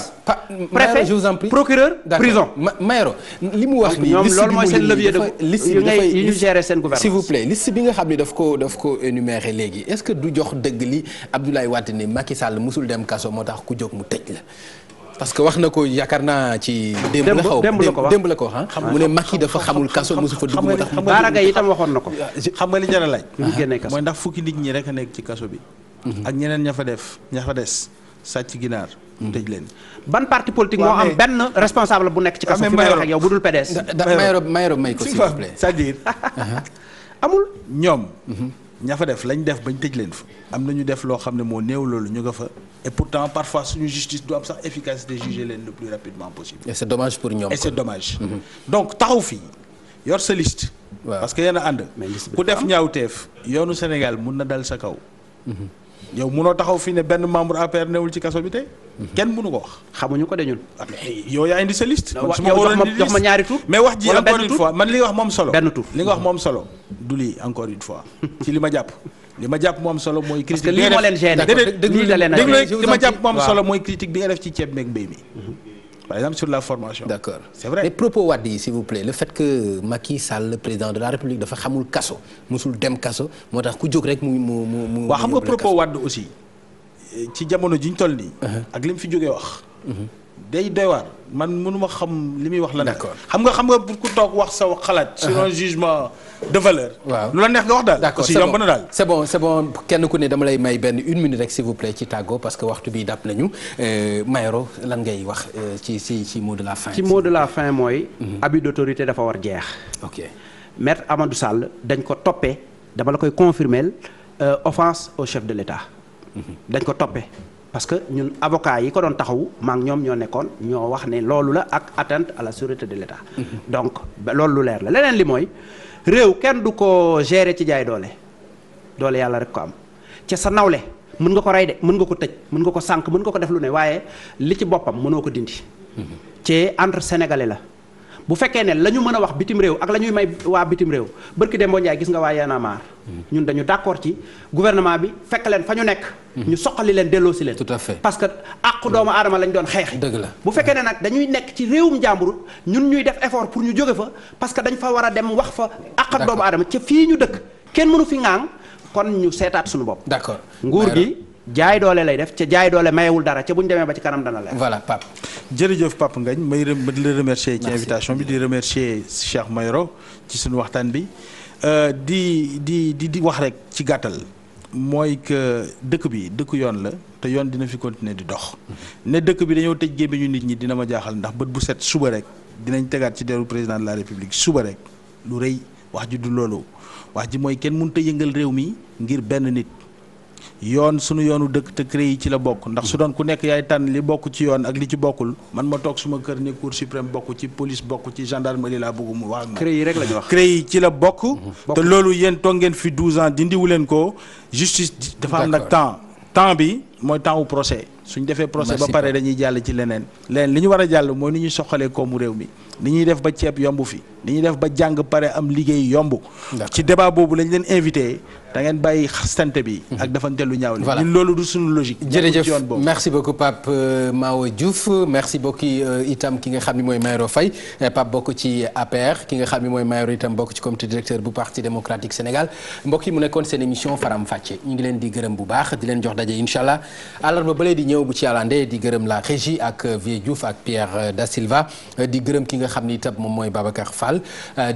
préfet procureur prison Mayoro li mu wax nii loolu mooy mu levier de liste yi ngay yi ñu gérer seen gouvernement s'il vous plaît liste bi nga xam ne daf ko daf ko énuméré léegi est-ce que du jox dëgg li Abdoulaye Wade ni Macky Sall musul dem kaso moo tax ku jóg mu tëj la parce que wax na ko yaakaar naa ci. démb la xaw démb la ko wax ah. mu ne Macky dafa xamul kaso mosu fa dugg tax. Baara Gaye itam waxoon na ko. xam nga li jar a laaj. mooy ndax fukki nit ñi rek a nekk ci kaso bi. Mhm. ak ñeneen ña fa def ña fa des sàcc ginaar. Mhm. tëj leen ban parti politique moo am benn responsable bu nekk ci kaso ah, fi may wax ak bu dul PDS. Mayoro Mayoro may ko s'il vous plaît uh-huh. amul ñoom. Mhm. ña fa def lañ def bañ tëj leen fa am na ñu def loo xam ne moo néew loolu ñu nga fa et pourtant parfois suñu justice du am sax efficacité juger leen le plus rapidement possible. et c'est dommage pour ñoom. et c'est dommage. Mm-hmm. donc taxaw fii yor sa liste. parce que yéen a ànd. ku def ñaawteef yoonu Sénégal mun na dal sa kaw. Mm-hmm. yow munoo taxaw fii ne benn membre APR newul ci kaso bi tey. Mhm. kenn mënu ko wax. xamuñu ko de ñun. Ah, yow yaa indi sa liste. su ma waroon indi jox ma ñaari tur. mais wax ji encore une fois man li nga wax moom solo. benn tur li nga wax moom solo. du encore une fois. ci li ma jàpp li ma jàpp moom solo mooy. critique bi nga def solo mooy critique bi nga def ci ceeb meeg mbéy mi. Mhm. par exemple sur la formation. d'accord c'est vrai mais propos Wade yi s'il vous plaît le fait que Macky Sall président de la République dafa xamul kaso mosul dem kaso moo tax ku jóg rek mu mu mu mu. waaw xam nga propos Wade aussi ci jamono ji ñu toll nii. Uh-huh. ak li mu fi jógee wax. Uh-huh. day doy man mënuma xam li muy wax la. d'accord xam nga xam nga ku toog wax sa xalaat. sur uh-huh. un jugement. de valeur. waaw lu la neex nga wax daal. d'accord aussi yomb na daal. c'est bon c'est kenn ku ne dama lay may benn une minute rek s'il vous plaît ci tàggoo parce que waxtu bi dàpp nañu euh, Mayoro lan ngay wax euh, ci ci ci mot de la fin. ci mot de la fin mooy. Mhm. abus d'autorité dafa war jeex. ok maître Amadou Sall dañ ko toppee dama la koy confirmer euh, offense au chef de l'État. Mhm. dañ ko toppee. parce que ñun avocat yi ko doon taxawu maa ñoom ñoo nekkoon ñoo wax ne loolu la ak atteinte à la de l'État. Mhm. donc loolu la leneen li mooy. réew kenn du ko gérer ci jaay doole doole yàlla rek ko am ca sa nawle mën nga ko rey de mën nga ko tëj mën nga ko sànq mën nga ko def lu ne waaye li ci boppam mënoo ko dindi. Mhm. ci entre sénégalais la. bu fekkee ne la ñu mën a wax bitim réew ak la ñuy may waa bitim réew barki Demba Ndiaye gis nga waa Y'en a marre ñun dañu d'accord ci gouvernement bi fekk leen fa ñu nekk. ñu soqali leen delloo si leen. tout à parce que àqu doomu aadama lañ doon xeexi. dëgg la bu fekkee ne nag dañuy nekk ci réewum jàmbur ñun ñuy def effort pour ñu jóge fa parce que dañ fa war a dem wax fa. àq doomu aadama ca fii ñu dëkk kenn mënu fi ŋaang kon ñu seetaat suñu bopp. d'accord nguur gi. jaay doole lay def ca jaay doole mayewul dara ca bu ñu demee ba ci kanam dana leer. voilà Pape jërëjëf Pape ngañ may rem di la remercier. ci invitation bi di remercier Cheikh Mayoro ci suñu waxtaan bi euh, di di di di wax rek ci gàttal. mooy que dëkk bi dëkk yoon la te yoon dina fi continuer di dox ne dëkk bi dañoo tëj gémmiñu nit ñi dina ma jaaxal ndax bët bu set suba rek dinañ tegaat ci deru président de la république suba rek lu rëy wax ju du loolu wax ji mooy kenn mënut yëngal réew mi ngir benn nit. yoon sunu yoonu dëkk te CREI yi ci la bokk ndax su doon ku nekk yaay tànn li bokk ci yoon ak li ci bokkul man ma toog suma kër ni cour suprême bokk ci police bokk ci gendarmerie laa bëgg mu wax CREI yi rek la ñu wax CREI ci la bokk te loolu yéen toog ngeen fi 12 ans dindiwu leen ko justice dafa am nag temps temps bi mooy temps wu procès suñ defee procès ba pare dañuy jàll ci leneen leneen li ñu war a jàll mooy ni ñuy soxalee koomu réew mi ni ñuy def ba ceeb yomb fi ni ñuy def ba jàng pare am liggéey yomb ci débat boobu lañ leen invité da ngeen bàyyi xastante bi. Mhm. ak dafante lu ñaaw li. loolu du suñu logique. jërëjëf merci beaucoup Pape euh, Mahawa Diouf merci beaucoup euh, itam ki nga xam ne mooy Mayoro Faye euh, Pape bokk ci APR ki nga xam ni mooy Mayoro itam bokk ci comité directeur bu parti démocratique Sénégal mbokk yi mu nekkoon seen émission Faram Facce ñu ngi leen di gërëm bu baax di leen jox daje incha allah àllarba bële di ñëw bu ci àllandee di gërëm la régie ak Vieux Diouf ak Pierre Da Silva di gërëm ki nga xam ni itam moom mooy Babacar Fall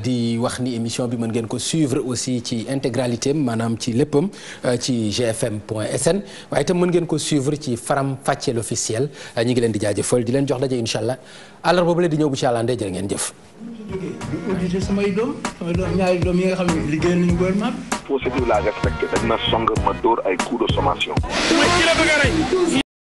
di wax ni émission bi mën ngeen ko suivre aussi ci intégralité maanaam am ci léppam euh, ci gfm point sn waaye itam mën ngeen ko suivre ci faram fàcceel a euh, ñi ngi leen di jaajëfal di leen jox daje incha allah alors boobu la di ñëw bu ci àllande jërë ngeen jëf. du auditer samay doom ñaari doom yi nga xam ne liggéey nañu gouvernement bi. procédure la respecté dañ ma song ma dóor ay coups de sommation.